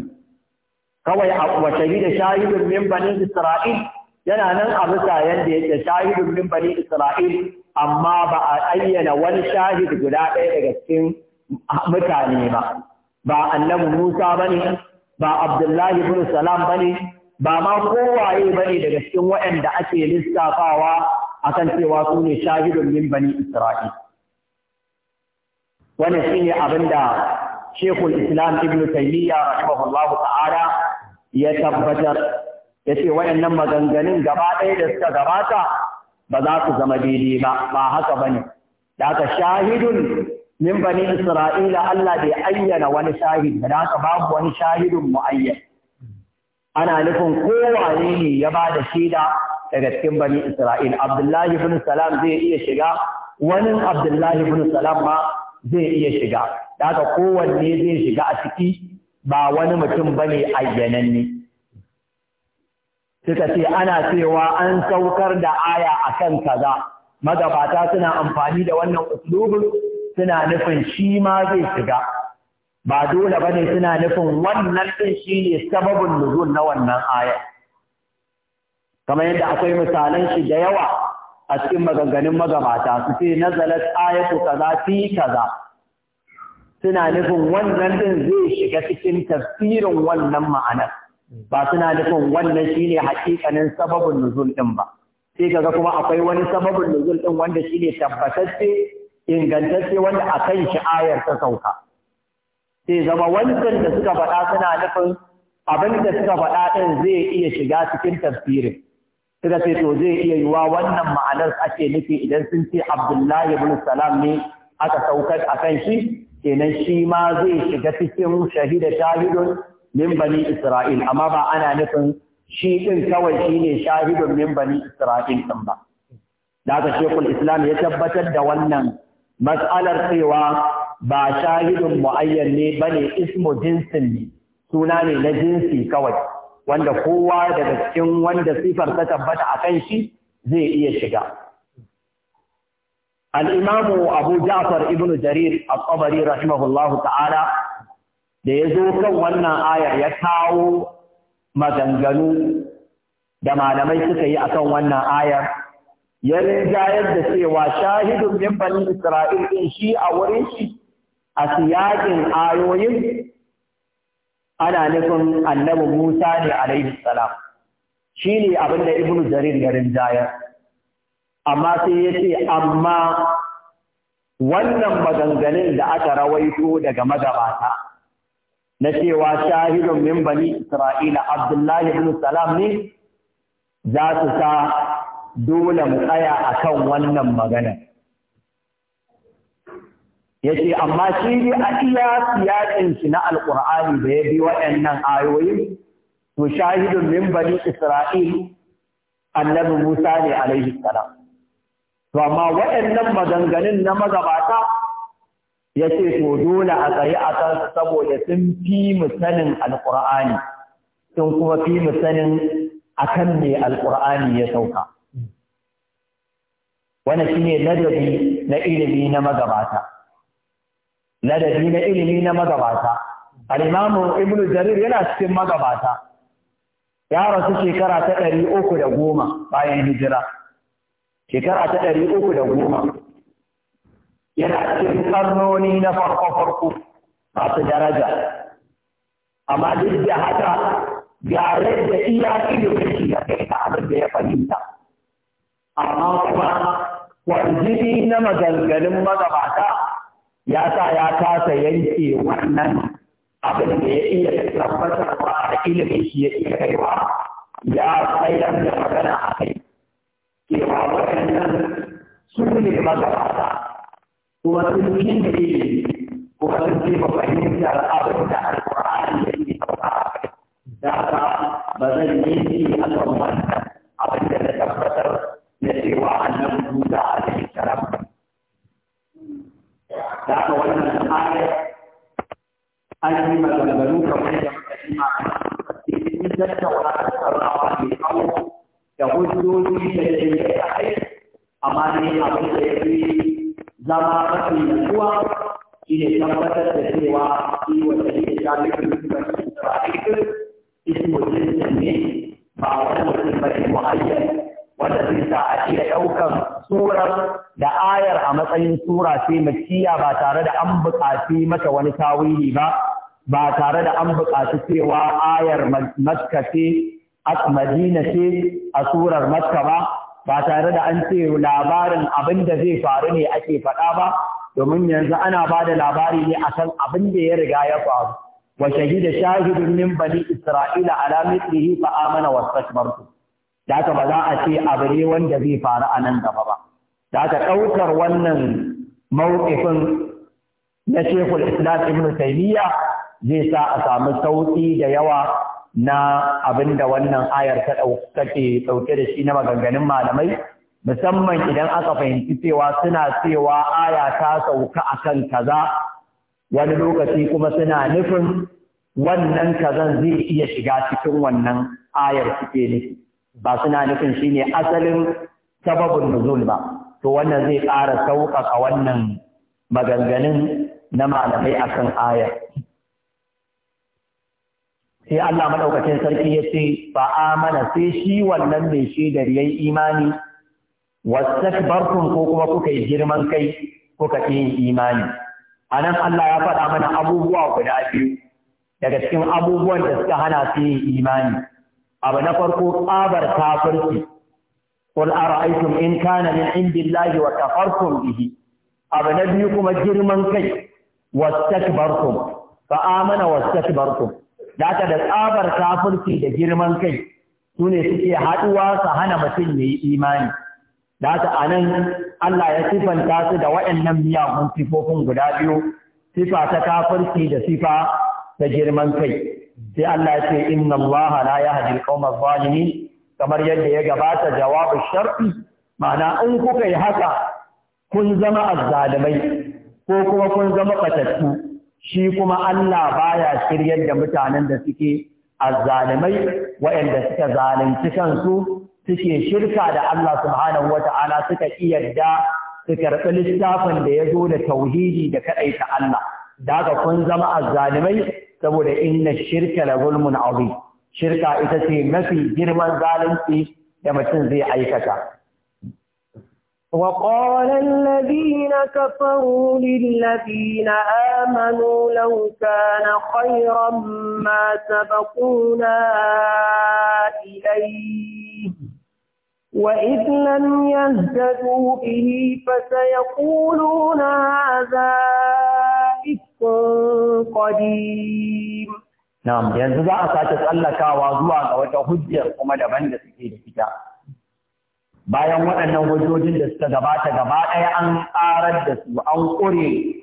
kawai wa da shahidun min bani isra'il yana nan a bisa yadda yake shahidun min bani isra'il amma ba a ayyana wani shahid guda ɗaya daga cikin mutane ba ba annabi Musa bane ba Abdullahi ibn Salam bane ba ma kowaye bane daga cikin waɗanda ake lissafawa akan cewa su ne shahidun min bani Isra'il. Wannan shi ne abin da Shekul Islam Ibn Taymiyyah rahimahullahu ta'ala ya tabbatar ya ce waɗannan maganganun gaba ɗaya da suka gabata ba za su zama daidai ba ba haka bane. ne. Da aka shahidun min bani Isra'ila Allah bai ayyana wani shahid da haka babu wani shahidun mu'ayyan. Ana nufin kowane ne ya ba da shaida daga cikin bani Isra'il. Abdullahi ibn Salam zai iya shiga, wani Abdullahi ibn Salam ma zai iya shiga. Daga kowanne zai shiga a ciki ba wani mutum bane ayyananne. Suka ce ana cewa an saukar da aya akan kaza. Magabata suna amfani da wannan uslubin suna nufin shi ma zai shiga. Ba dole bane suna nufin wannan ɗin shi ne sababin nuzul na wannan aya. kamar yadda akwai misalan shi da yawa a cikin maganganun magabata su ce nazalat ayatu kaza fi kaza suna nufin wannan din zai shiga cikin tafsirin wannan ma'anar ba suna nufin wannan shine hakikanin sababin nuzul din ba sai kaga kuma akwai wani sababin nuzul din wanda shine tabbatacce ingantacce wanda akan shi ayar ta sauka sai zama wancan da suka faɗa suna nufin abin da suka faɗa din zai iya shiga cikin tafsirin suka ce to zai iya yiwa wannan ma'anar ake nufi idan sun ce Abdullahi ibn Salam ne aka saukar a kan shi kenan shi ma zai shiga cikin shahida shahidun min bani Isra'il amma ba ana nufin shi din kawai shine shahidun min bani Isra'il din ba da aka shekul Islam ya tabbatar da wannan mas'alar cewa ba shahidun mu'ayyan ne bane ismu jinsin ne suna ne na jinsi kawai wanda kowa daga cikin wanda sifar ta tabbata a kan shi zai iya shiga. Al'imamu Abu Ja'far ibn Jarir a tsabari rahimahullahu ta'ala da ya zo kan wannan ayar ya kawo maganganu da malamai suka yi akan wannan ayar ya rinjayar da cewa shahidun min Isra'il din shi a wurin shi a siyajin ayoyin ana nufin annabi Musa ne alaihi salam shi ne abin da Ibn Jarir ya rinjayar amma sai ya ce amma wannan maganganun da aka rawaito daga magabata na cewa shahidun min bani Isra'ila Abdullahi ibn Salam ne za su sa dole mu tsaya akan wannan maganar. ya ce amma shi ne a iya siyaƙin shi na alƙur'ani da ya bi waɗannan ayoyi to shahidun min bani isra'il annabi musa ne alaihi salam to amma waɗannan maganganun na magabata ya ce to dole a tsaye a kansu saboda sun fi mu sanin alƙur'ani sun kuma fi mu sanin akan me alƙur'ani ya sauka Wani shine ladabi na ilimi na magabata ladabi na ilimi na magabata Al’imamu Ibn ibnu jarir yana cikin magabata ya rasu shekara ta ɗari uku da goma bayan hijira shekara ta ɗari uku da goma yana cikin karnoni na farko-farko masu daraja amma duk da haka yare da iya ilimin shi ya kai ta abin da ya fahimta amma kuma kwanjini na maganganun magabata ya sa ya kasa yanke wannan abin da ya iya tabbatarwa da ilimin shi ya iya kaiwa ya tsayar da magana a kai cewa waɗannan su ne magabata kuma sun kinga ilimi kuma sun ce ba fahimtar abin da alƙur'ani ya yi sauka da haka ba zan yi shi a kan wannan abin da na tabbatar na cewa annabi Musa alaihi salam da aka wannan ayar an yi maganganu kamar yadda muka shi ma in tattauna a sarrafa mai tsawo da hujjoji da dalilai a kai amma ne abin da ya fi zama mafi nutsuwa shi ne tabbatar da cewa shi wanda shi ne shafin rikimar shi da ba a cikin ismo jinsin ne ba wani mutum ba ne muhayyar wanda zai sa a iya ɗaukar surar da ayar a matsayin sura sai makiya ba tare da an buƙaci mata wani tawili ba ba tare da an buƙaci cewa ayar makka ce a madina ce a surar makka ba ba tare da an ce labarin abin da zai faru ne ake faɗa ba domin yanzu ana ba da labari ne akan abin da ya riga ya faru wa shahida shahidun min bani isra'ila ala mithlihi fa amana wastakbartum da haka ba za a ce abu ne wanda zai faru a nan gaba ba da haka ɗaukar wannan mawuƙifin na Shekul Islam Ibn Taymiyyah zai sa a samu sauƙi da yawa na abin da wannan ayar ta ɗauke da shi na maganganun malamai musamman idan aka fahimci cewa suna cewa aya ta sauka a kan kaza wani lokaci kuma suna nufin wannan kazan zai iya shiga cikin wannan ayar suke nufi ba suna nufin shi ne asalin sababin nuzul ba to wannan zai ƙara sauƙaƙa wannan maganganun na malamai akan aya sai Allah maɗaukacin sarki ya ce ba a mana sai shi wannan mai shaidar yayi imani Wasu barkun ko kuma kuka yi girman kai kuka yi imani A nan Allah ya faɗa mana abubuwa guda biyu daga cikin abubuwan da suka hana su yin imani abu na farko tsabar kafirci qul ara'aytum in kana min indillahi wa kafartum bihi abu na biyu kuma girman kai wastakbartum fa amana wastakbartum daga da tsabar kafirci da girman kai sune suke haduwa su hana mutum yayi imani daga anan Allah ya sifanta su da waɗannan miyagun sifofin guda biyu sifa ta kafirci da sifa ta girman kai sai Allah ya ce inna Allah la yahdi al-qawma adh-dhalimin kamar yadda ya gabata jawabu shar'i ma'ana in kuka yi haka kun zama azzalimai ko kuma kun zama batattu shi kuma Allah baya shiryar da mutanen da suke azzalimai waɗanda suka zalunci kansu suke shirka da Allah subhanahu wata'ala suka iyadda su karɓi littafin da ya zo da tauhidi da kaɗaita Allah da haka kun zama azzalimai saboda inna shirka la zulmun azim shirka ita ce mafi girman zalunci da mutum zai aikata وقال الذين كفروا للذين آمنوا لو كان خيرا ما سبقونا إليه وإذ لم يهتدوا به فسيقولون هذا إثم qadim na'am yanzu za a sake tsallakawa zuwa ga wata hujjar kuma daban da suke da ita bayan waɗannan hujjojin da suka gabata gaba ɗaya an karar da su an ƙure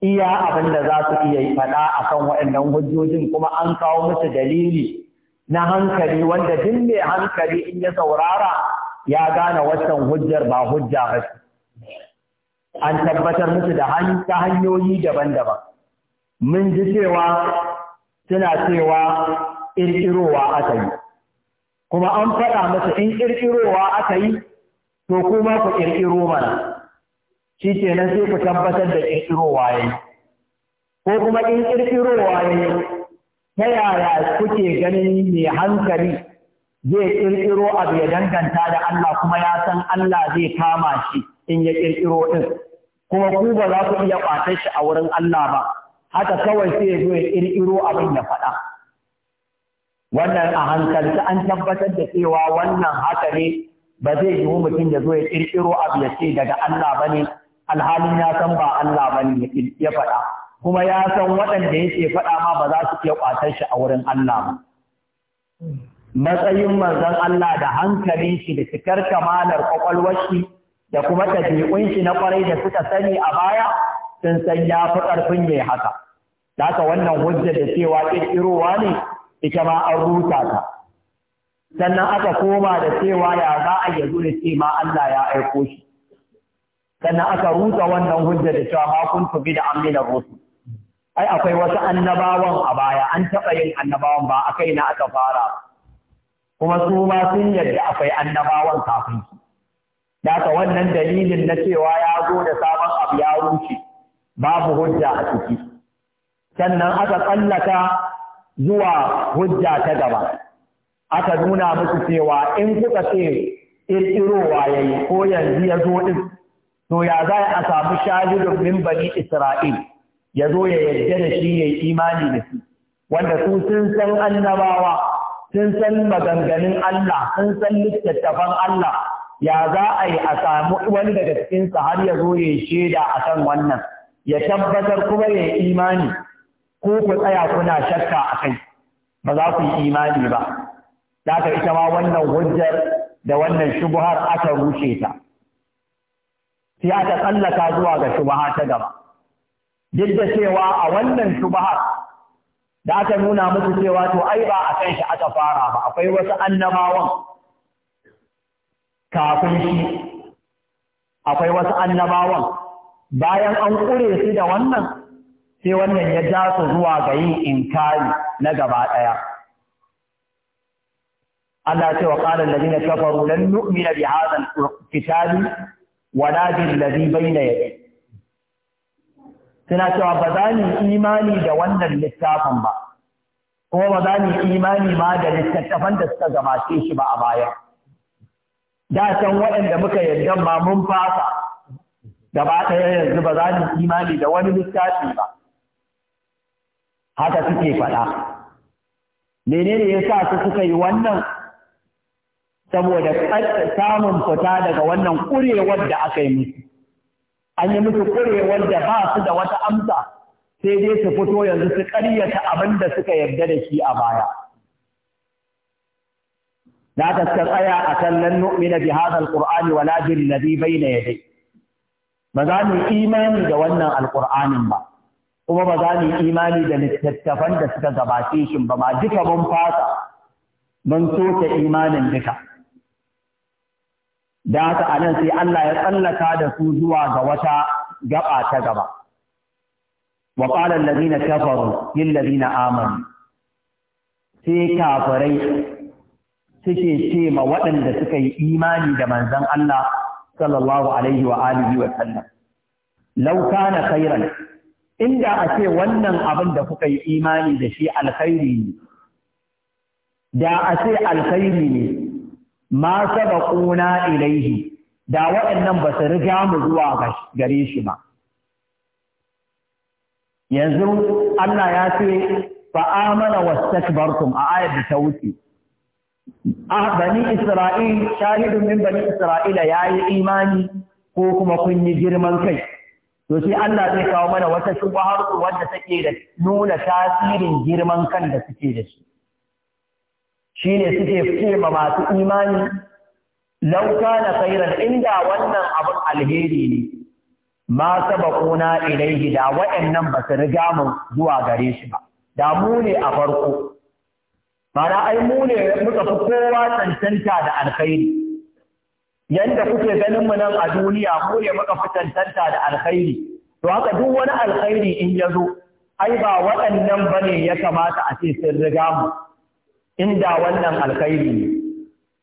iya abin da za su iya faɗa a kan waɗannan hujjojin kuma an kawo musu dalili na hankali wanda duk mai hankali in ya saurara ya gane watan hujjar ba hujja ba an tabbatar musu da ta hanyoyi daban-daban mun ji cewa suna cewa ƙirƙirowa aka yi kuma an faɗa musu in ƙirƙirowa aka yi to kuma ku ƙirƙiro mana shi kenan sai ku tabbatar da ƙirƙirowa ya ko kuma in ƙirƙirowa ya ta yaya kuke ganin mai hankali zai ƙirƙiro abu ya danganta da Allah kuma ya san Allah zai kama shi in ya ƙirƙiro ɗin kuma ku ba za ku iya ƙwatar shi a wurin Allah ba haka kawai sai ya zo ya ƙirƙiro abin ya faɗa wannan a hankalci an tabbatar da cewa wannan haka ne ba zai yiwu mutum ya zo ya ƙirƙiro abu ya ce daga Allah ba ne alhalin ya san ba Allah ba ne ya faɗa kuma ya san waɗanda yake faɗa ma ba za su iya ƙwatar shi a wurin Allah ba matsayin manzon Allah da hankalin shi da cikar kamalar kwakwalwar shi da kuma tafi'un shi na kwarai da suka sani a baya sun san ya fi ƙarfin yayi haka daka wannan hujja da cewa ƙirƙirowa ne ita ma an ruta ta sannan aka koma da cewa ya za a yazo da ce ma Allah ya aiko shi sannan aka rusa wannan hujja da cewa ma kun bi da amina rusu. ai akwai wasu annabawan a baya an taɓa yin annabawan ba a kai na aka fara kuma su ma sun yarda akwai annabawan kafin Daka wannan dalilin na cewa ya zo da sabon abu ya rushe, babu hujja a ciki. Sannan aka tsallaka zuwa hujja ta gaba. Aka nuna musu cewa in kuka ce ƙirƙirowa ya yi ko yanzu ya zo ɗin, to ya za a samu shahidun min bani Isra'il ya zo ya yarda da shi ya yi imani da shi. Wanda su sun san annabawa, sun san maganganun Allah, sun san littattafan Allah, ya za a yi a samu wani daga cikinsa har ya zo ya shaida a kan wannan ya tabbatar kuma ya yi imani ko ku tsaya kuna shakka a kai ba za ku yi imani ba da ka ita ma wannan hujjar da wannan shubuhar aka rushe ta sai aka tsallaka zuwa ga shubaha ta gaba duk da cewa a wannan shubuhar da aka nuna musu cewa to ai ba a kan shi aka fara ba akwai wasu annabawan kafin shi akwai wasu annabawan bayan an ƙure su da wannan sai wannan ya ja su zuwa ga yin inkari na gaba ɗaya Allah ce wa qala alladhina kafaru lan nu'mina bi hadha al-kitabi wala bil ladhi bayna yadayhi suna cewa ba za ni imani da wannan littafin ba, ko ba za ni imani ma da littattafan da suka gabace shi ba a baya. da waɗanda muka yarda ma mun fasa gaba ɗaya yanzu ba za mu imani da wani littafi ba haka suke faɗa menene ya sa su suka yi wannan saboda samun fita daga wannan ƙurewar da aka yi musu an yi musu ƙurewar da ba su da wata amsa sai dai su fito yanzu su ƙaryata abin da suka yarda da shi a baya لا تستطيع أكن لن نؤمن بهذا القرآن ولا بالذي بين يديه مزاني da wannan القرآن ba, kuma ba za mu yi imani da littattafan da suka gabace shi ba ma duka mun fasa mun soke imanin duka da haka a nan sai Allah ya tsallaka da su zuwa ga wata gaba ta gaba wa qala allazina kafaru lil ladina amanu sai kafirai suke ce ma waɗanda suka yi imani da manzon Allah sallallahu alaihi wa alihi wa sallam Lauka na khairan inda a ce wannan abin da kuka yi imani da shi alkhairi ne da a ce alkhairi ne ma ƙuna ilaihi da waɗannan ba su riga mu zuwa gare shi ba yanzu Allah ya ce fa wasu wastakbartum a ayat da ta wuce a bani Isra'il, shahidun min bani Isra'ila ya yi imani ko kuma kun yi girman kai. To sai Allah zai kawo mana wata shubhar wadda take da nuna tasirin girman kan da suke da shi. shine ne suke ce ma masu imani, lauka na kairan inda wannan abin alheri ne, ma saba kuna da waɗannan ba su riga mu zuwa gare shi ba, da mu ne a farko. Mana ai mu ne muka fi kowa cancanta da alkhairi. Yanda kuke ganin mu nan a duniya mu ne muka fi cancanta da alkhairi. To haka duk wani alkhairi in ya zo, ai ba waɗannan ba ne ya kamata a ce sun riga mu. Inda wannan alkhairi ne.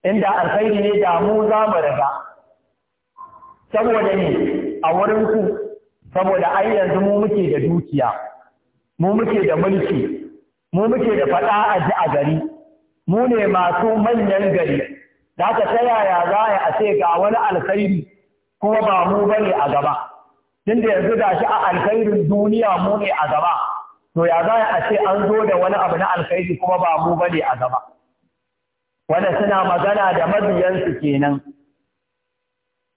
Inda alkhairi ne da mu za mu riga. Saboda ne a wurin ku, saboda ai yanzu mu muke da dukiya, mu muke da mulki, mu muke da faɗa a ji a gari mu ne masu manyan gari da ka ta yaya za a ce ga wani alkhairi kuma ba mu bane a gaba tun da yanzu da shi a alkhairin duniya mu ne a gaba to ya za a ce an zo da wani abu na alkhairi kuma ba mu bane a gaba wanda suna magana da su kenan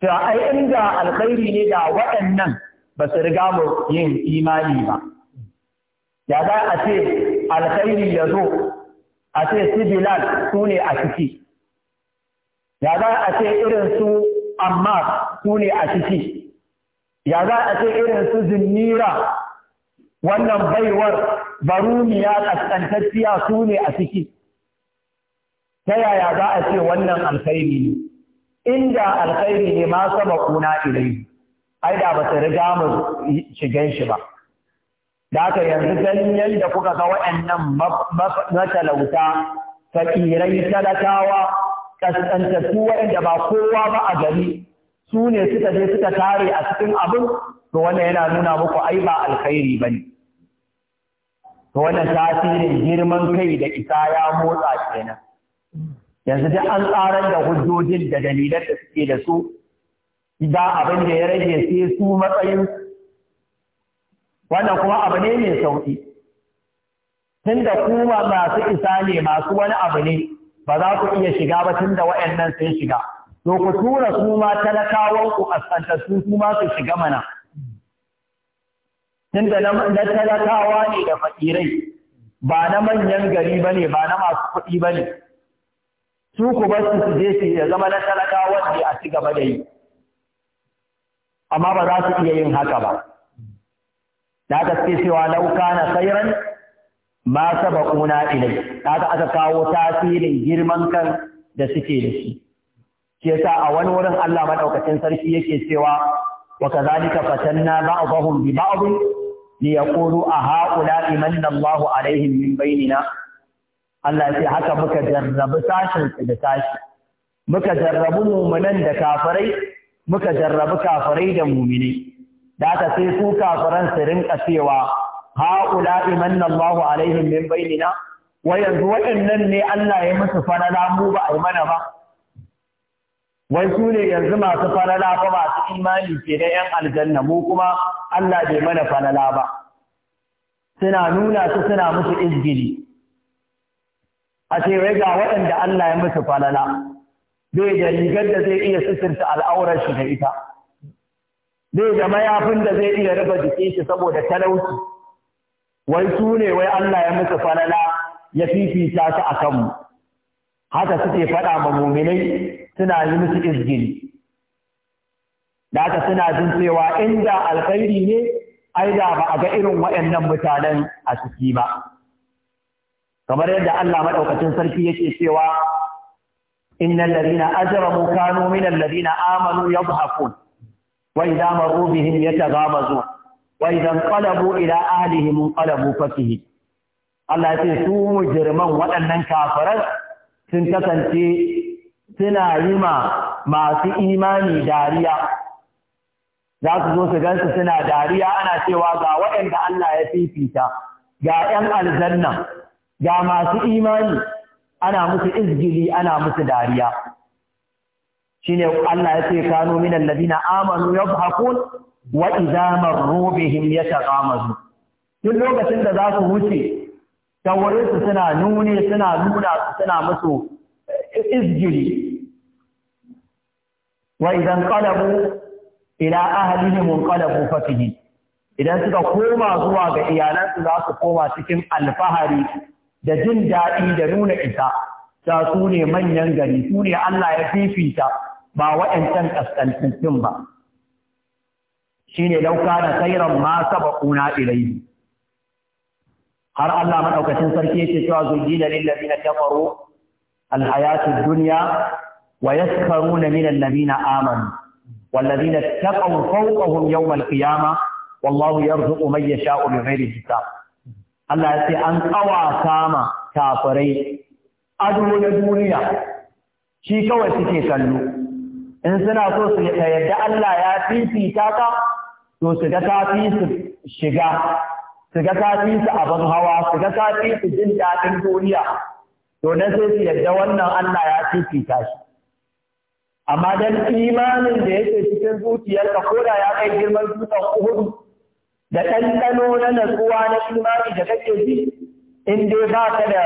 to ai inda alkhairi ne da waɗannan ba su riga mu yin imani ba ya za a ce alkhairi ya zo a ce su bilal su ne a ciki ya za a ce irin su amma su ne a ciki ya za a ce irin su zinnira wannan baiwar barumiya kaskantacciya su ne a ciki ta yaya za a ce wannan alkhairi ne inda alkhairi ne ma saba kuna ilai ai da ba su riga mu shigan shi ba da aka yanzu ganin da kuka ga waɗannan matalauta fakirai talakawa su waɗanda ba kowa ba a gari su ne suka je suka tare a cikin abin to wannan yana nuna muku ai ba alkhairi ba ne to wannan tasirin girman kai da isa ya motsa kenan yanzu duk an tsarar da hujjojin da dalilan da suke da su da abin da ya rage sai su matsayin wannan kuma abu ne mai sauƙi tunda kuma masu isa ne masu wani abu ne ba za ku iya shiga ba tunda waɗannan sun shiga to ku tura su ma talakawan ku asanta su ma su shiga mana tunda na talakawa ne da fakirai ba na manyan gari ba ne ba na masu kuɗi ba ne su ku ba su je su ya zama na talakawa ne a ci gaba da yi amma ba za su iya yin haka ba da aka ce cewa lauka na sairan ma sabaquna ilai da aka aka kawo tasirin girman kan da suke da shi Ke sa a wani wurin Allah maɗaukacin sarki yake cewa wa kadhalika fatanna ba'dahum bi ba'd li yaqulu a haula imanna Allahu alaihim min bainina Allah ya ce haka muka jarrabu sashin da tashi. muka jarrabu mu'minan da kafirai muka jarrabu kafirai da mu'minai da aka sai su kafiran su rinka cewa ha'ula'i manna Allahu alaihim min bainina wa yanzu waɗannan ne Allah ya musu falala mu ba a yi mana ba wai su ne yanzu masu falala ba masu imani ke da yan aljanna mu kuma Allah bai mana falala ba suna nuna su suna musu izgiri a ce wai ga waɗanda Allah ya musu falala bai da rigar da zai iya sisirta al'aurar shi da ita zama da mayafin da zai iya raba jikin shi saboda talauci wai su ne wai Allah ya musu falala ya fifita su a kanmu haka suke faɗa ma muminai suna yi musu izgiri da haka suna jin cewa inda alkhairi ne ai da ba a ga irin waɗannan mutanen a ciki ba kamar yadda Allah madaukakin sarki yake cewa innal ladina ajramu kanu minal ladina amanu yadhhakun وإذا مروا بهم يتغامزون وإذا انقلبوا إلى أهلهم انقلبوا فكهين Allah ya ce su mujirman waɗannan kafiran sun kasance suna yi ma masu imani dariya za su zo su gansu suna dariya ana cewa ga waɗanda Allah ya fifita ga ‘yan aljanna ga masu imani ana musu izgili ana musu dariya shine Allah ya ce kanu min alladina amanu yadhakun wa idza marru bihim yataqamazu duk lokacin da za su wuce tawure su suna nune suna nuna suna musu izgiri wa idan qalabu ila ahlihim qalabu fatihi idan suka koma zuwa ga iyalansu za su koma cikin alfahari da jin daɗi da nuna isa ta su manyan gari Sune Allah ya fifita ba waɗancan ƙasƙantattun ba, shi ne lauka da sairan ma saba ƙuna Har Allah maɗaukacin sarki ce cewa zurgi da lillabi na kyafaro alhayatun duniya wa ya sukaru na minan nabi na aman, wallabi na taƙon fauƙahun yau malƙiyama, wallahu ya rzuƙo mai ya sha’o da mai Allah ya ce an ƙawasa ma kafirai, ado na duniya, shi kawai suke sallu, in suna so su yadda Allah ya fifita ka to su ga ta fi su shiga su ga ta fi su abin hawa su ga ta fi su jin daɗin duniya to na sai su yadda wannan Allah ya fifita shi amma dan imanin da yake cikin zuciyarka ko da ya kai girman dutsen Uhud da ɗanɗano na natsuwa na imani da kake ji in dai ba ka da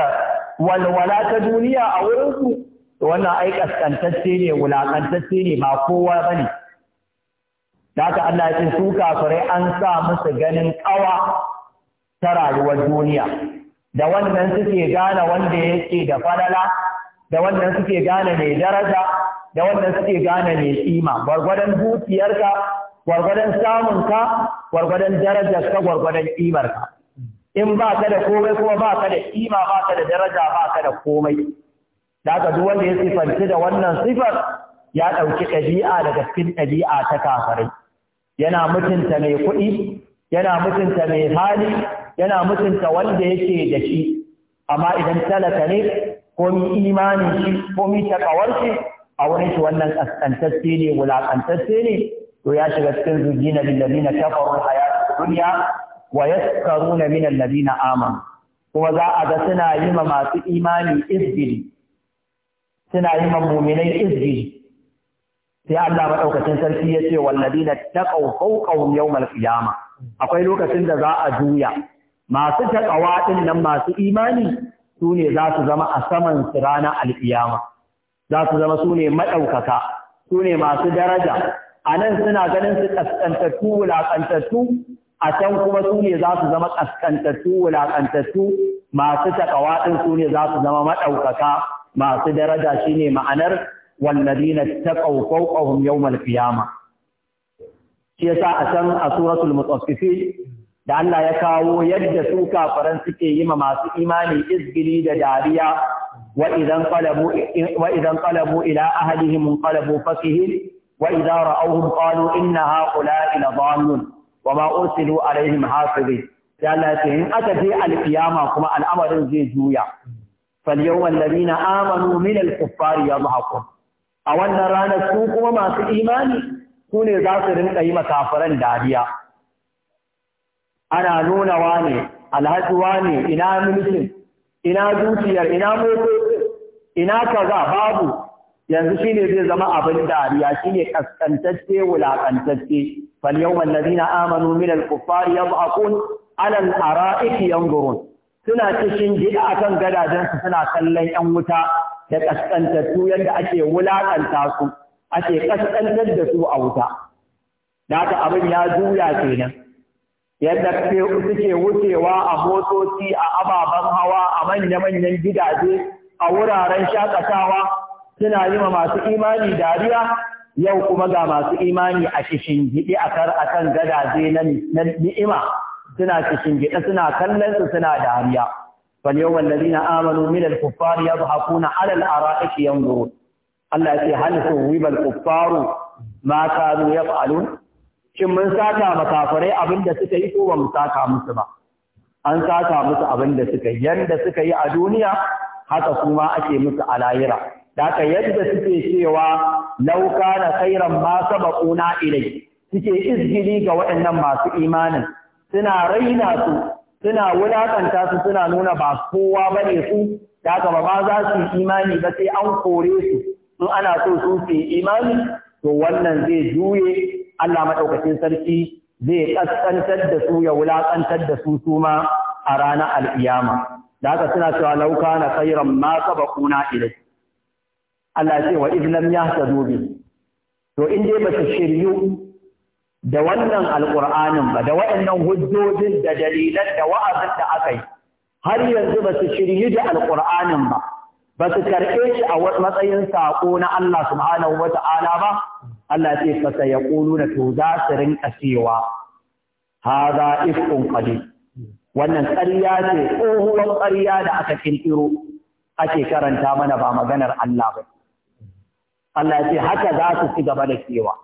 walwala ta duniya a wurinsu wannan ai kaskantacce ne wulakantacce ne ba kowa bane da haka Allah ya ce su kafirai an sa musu ganin kawa ta rayuwar duniya da wannan suke gane wanda yake da falala da wannan suke gane mai daraja da wannan suke gane mai kima gwargwadon dukiyarka gwargwadon samunka gwargwadon darajarka gwargwadon kimarka in ba ka da komai kuma ba ka da kima ba ka da daraja ba ka da komai da duk wanda ya sifanci da wannan sifar ya ɗauki ɗabi'a daga cikin ɗabi'a ta kafirai yana mutunta mai kuɗi yana mutunta mai hali yana mutunta wanda yake da shi amma idan talaka ne ko mi imani shi ko mi takawar shi a wurin shi wannan kaskantacce ne wulakantacce ne to ya shiga cikin zujina lil ladina kafaru hayat dunya wa minan min alladina aman? kuma za a ga suna yi ma masu imani izbili suna yi muminai izgi sai Allah madaukakin sarki ya ce walladina taqaw fawqahum yawmal qiyama akwai lokacin da za a juya masu taqawa din nan masu imani sune za su zama a saman ranar alkiyama za su zama sune madaukaka masu daraja a nan suna ganin su kaskantattu wulakantattu a can kuma sune za su zama kaskantattu wulakantattu masu taqawa din za su zama madaukaka masu daraja shine ma'anar والذين اتقوا shi yasa a san a suratul المتصفين da Allah ya kawo yadda su kafaran suke yi ma masu imani izgili da dariya wa idan qalabu wa idan qalabu ila ahlihim qalabu fakihin wa idza ra'awhum qalu inna haula ila wa ma ursilu alaihim hafizin ya ce in aka je alkiyama kuma al'amarin zai juya فاليوم الذين آمنوا من الكفار يضحكون masu imani? su ne za su كون yi أي مكافرا dariya? Ana نون واني alhaji ne, ina mulkin ina dukiyar ina motocin ina kaza babu yanzu shine zai zama abin dariya shine kaskantacce wulakantacce fal yawmal ladina amanu min ya kuffari yadhakun ala al ara'ik yanzurun suna cikin gida akan gadajensu suna kallon ‘yan wuta da ƙasƙantattu yadda ake wulaƙanta su, ake ƙasƙantar da su a wuta. Daga abin ya juya kenan. Yadda suke wucewa a motoci, a ababen hawa, a manya-manyan gidaje, a wuraren shakatawa, suna yi wa masu imani dariya, yau kuma ga masu imani a cikin gidi a kan gadaje na ni'ima. suna cikin gida suna kallon su suna dariya fal yawmal ladina amanu min al kuffari yadhakuna ala al ara'ik yanzurun Allah ya ce hal suwibal kuffaru ma kanu yaf'alun shin mun saka makafirai abinda suka yi ko ba mu saka musu ba an saka musu abinda suka yi yanda suka yi a duniya haka kuma ake musu a lahira da yadda suke cewa lauka na kairan ma sabaquna ilai suke izgili ga waɗannan masu imanin suna raina su suna wulakanta su suna nuna ba kowa bane su da haka ba za su imani ba sai an kore su in ana so su ke imani to wannan zai juye Allah maɗaukacin sarki zai ƙasƙantar da su ya wulakantar da su suma a ranar al'iyama da haka suna cewa lauka na kairan ma sabaquna ilai Allah ya ce wa idh lam yahtadu to in dai ba su shiryu da wannan alƙur'anin ba da waɗannan hujjojin da dalilan da wa'azin da aka yi har yanzu ba su shirye da alƙur'anin ba ba su karɓe shi a matsayin saƙo na Allah subhanahu wa ta'ala ba Allah ce fasa ya ƙulu na to za su rinƙa cewa haza ifkun qadi wannan ƙarya ce tsohuwar ƙarya da aka ƙirƙiro ake karanta mana ba maganar Allah ba Allah ce haka za su ci gaba da cewa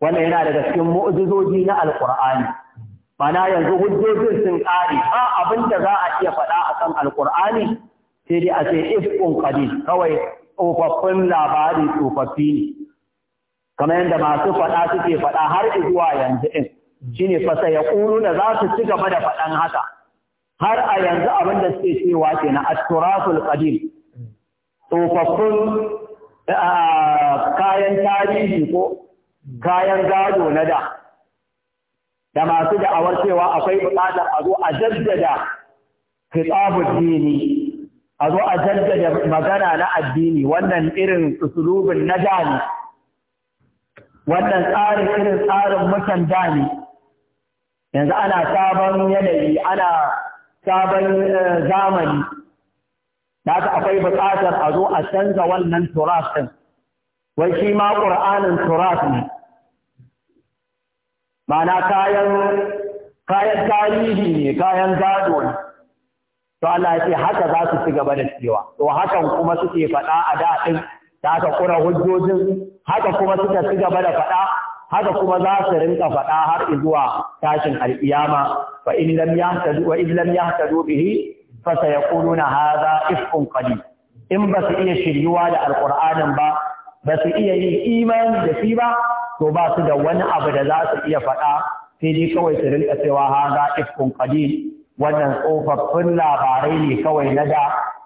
wannan yana daga cikin mu'jizoji na alqur'ani mana yanzu hujjojin sun kare. ba abin da za a iya faɗa akan kan alqur'ani sai dai a ce ifkun qadim kawai tsofaffin labari tsofaffi ne kamar yadda masu faɗa suke faɗa har zuwa yanzu ɗin shine fasa ya na za su ci gaba da faɗan haka har a yanzu abin da suke cewa ke na asturatul qadim tsofaffin kayan tarihi ko kayan gado na da da masu da'awar cewa akwai buƙatar a zo a jaddada kitabud a zo a jaddada magana na addini wannan irin usulubin na dani wannan tsarin irin tsarin mutan dani yanzu ana sabon yanayi ana sabon eh, zamani da akwai buƙatar a zo a canza wannan turafin wai shi ma ƙur'anin turas ne Mana kayan kayan tarihi ne, kayan gado ne. To Allah ya ce haka za su ci gaba da cewa. To hakan kuma suke faɗa a da ɗin, da aka kura hujjojin, haka kuma suka ci gaba da faɗa, haka kuma za su rinka faɗa har zuwa tashin al'iyama. Fa in lam yahtadu wa in lam yahtadu bihi fa sayaquluna hadha ifkun In ba su iya shiryuwa da Alƙur'anin ba, ba su iya yin imani da shi ba, to ba su da wani abu da za su iya faɗa sai dai kawai su rinka cewa haza ifkun qadim wannan tsofaffin labarai ne kawai na da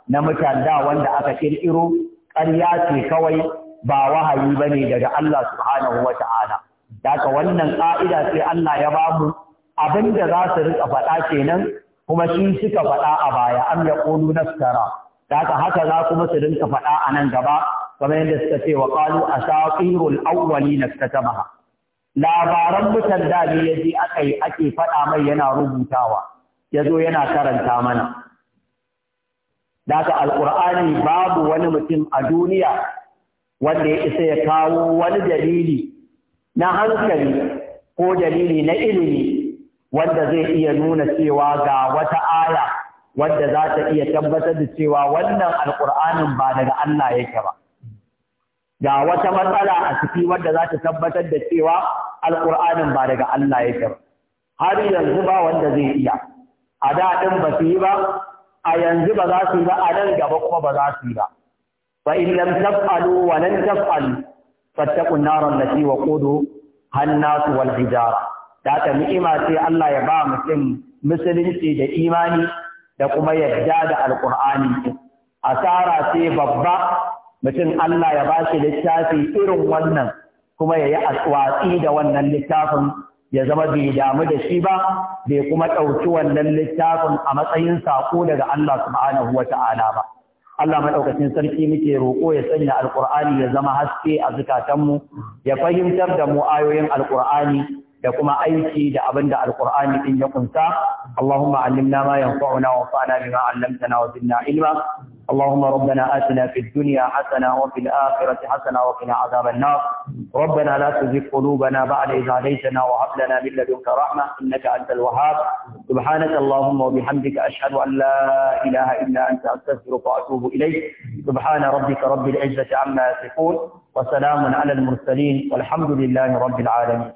na mutanda da wanda aka kirkiro ƙarya ce kawai ba wahayi ba ne daga Allah subhanahu ta'ala daga wannan ƙa'ida sai Allah ya ba mu da za su rika faɗa kenan kuma shi suka faɗa a baya an ya ƙonu naftara daga haka za kuma su rinka faɗa a nan gaba kamar yadda suka ce wa qalu asatirul awwalin katamaha labaran mutan da ne yaji akai ake faɗa mai yana rubutawa yazo yana karanta mana daga alqur'ani babu wani mutum a duniya wanda ya isa ya kawo wani dalili na hankali ko dalili na ilimi wanda zai iya nuna cewa ga wata aya wanda za ta iya tabbatar da cewa wannan alƙur'anin ba daga Allah yake ba ga wata matsala a ciki wadda za ta tabbatar da cewa alƙur'anin ba daga Allah yake ba har yanzu ba wanda zai iya a da din ba su yi ba a yanzu ba za su yi ba a nan gaba kuma ba za su yi ba fa in lam taf'alu wa lan taf'alu fattaqun nar allati hannasu wal hijara da ta ni'ima sai Allah ya ba mutum musulunci da imani da kuma yadda da Alƙur'ani. asara sai babba mutum Allah ya shi littafi irin wannan kuma ya yi watsi da wannan littafin ya zama bai damu da shi ba bai kuma ɗauki wannan littafin a matsayin saƙo daga Allah subhanahu wa ta'ala ba Allah maɗaukacin sarki muke roƙo ya sanya alƙur'ani ya zama haske a zukatanmu ya fahimtar da mu ayoyin alƙur'ani da kuma aiki da abin da alƙur'ani ɗin ya kunsa Allahumma allimna ma yanfa'una wa fa'ana bima 'allamtana wa ilma اللهم ربنا آتنا في الدنيا حسنة وفي الآخرة حسنة وقنا عذاب النار ربنا لا تزغ قلوبنا بعد إذ هديتنا وهب لنا من لدنك رحمة إنك أنت الوهاب سبحانك اللهم وبحمدك أشهد أن لا إله إلا أنت أستغفرك وأتوب إليك سبحان ربك رب العزة عما يصفون وسلام على المرسلين والحمد لله رب العالمين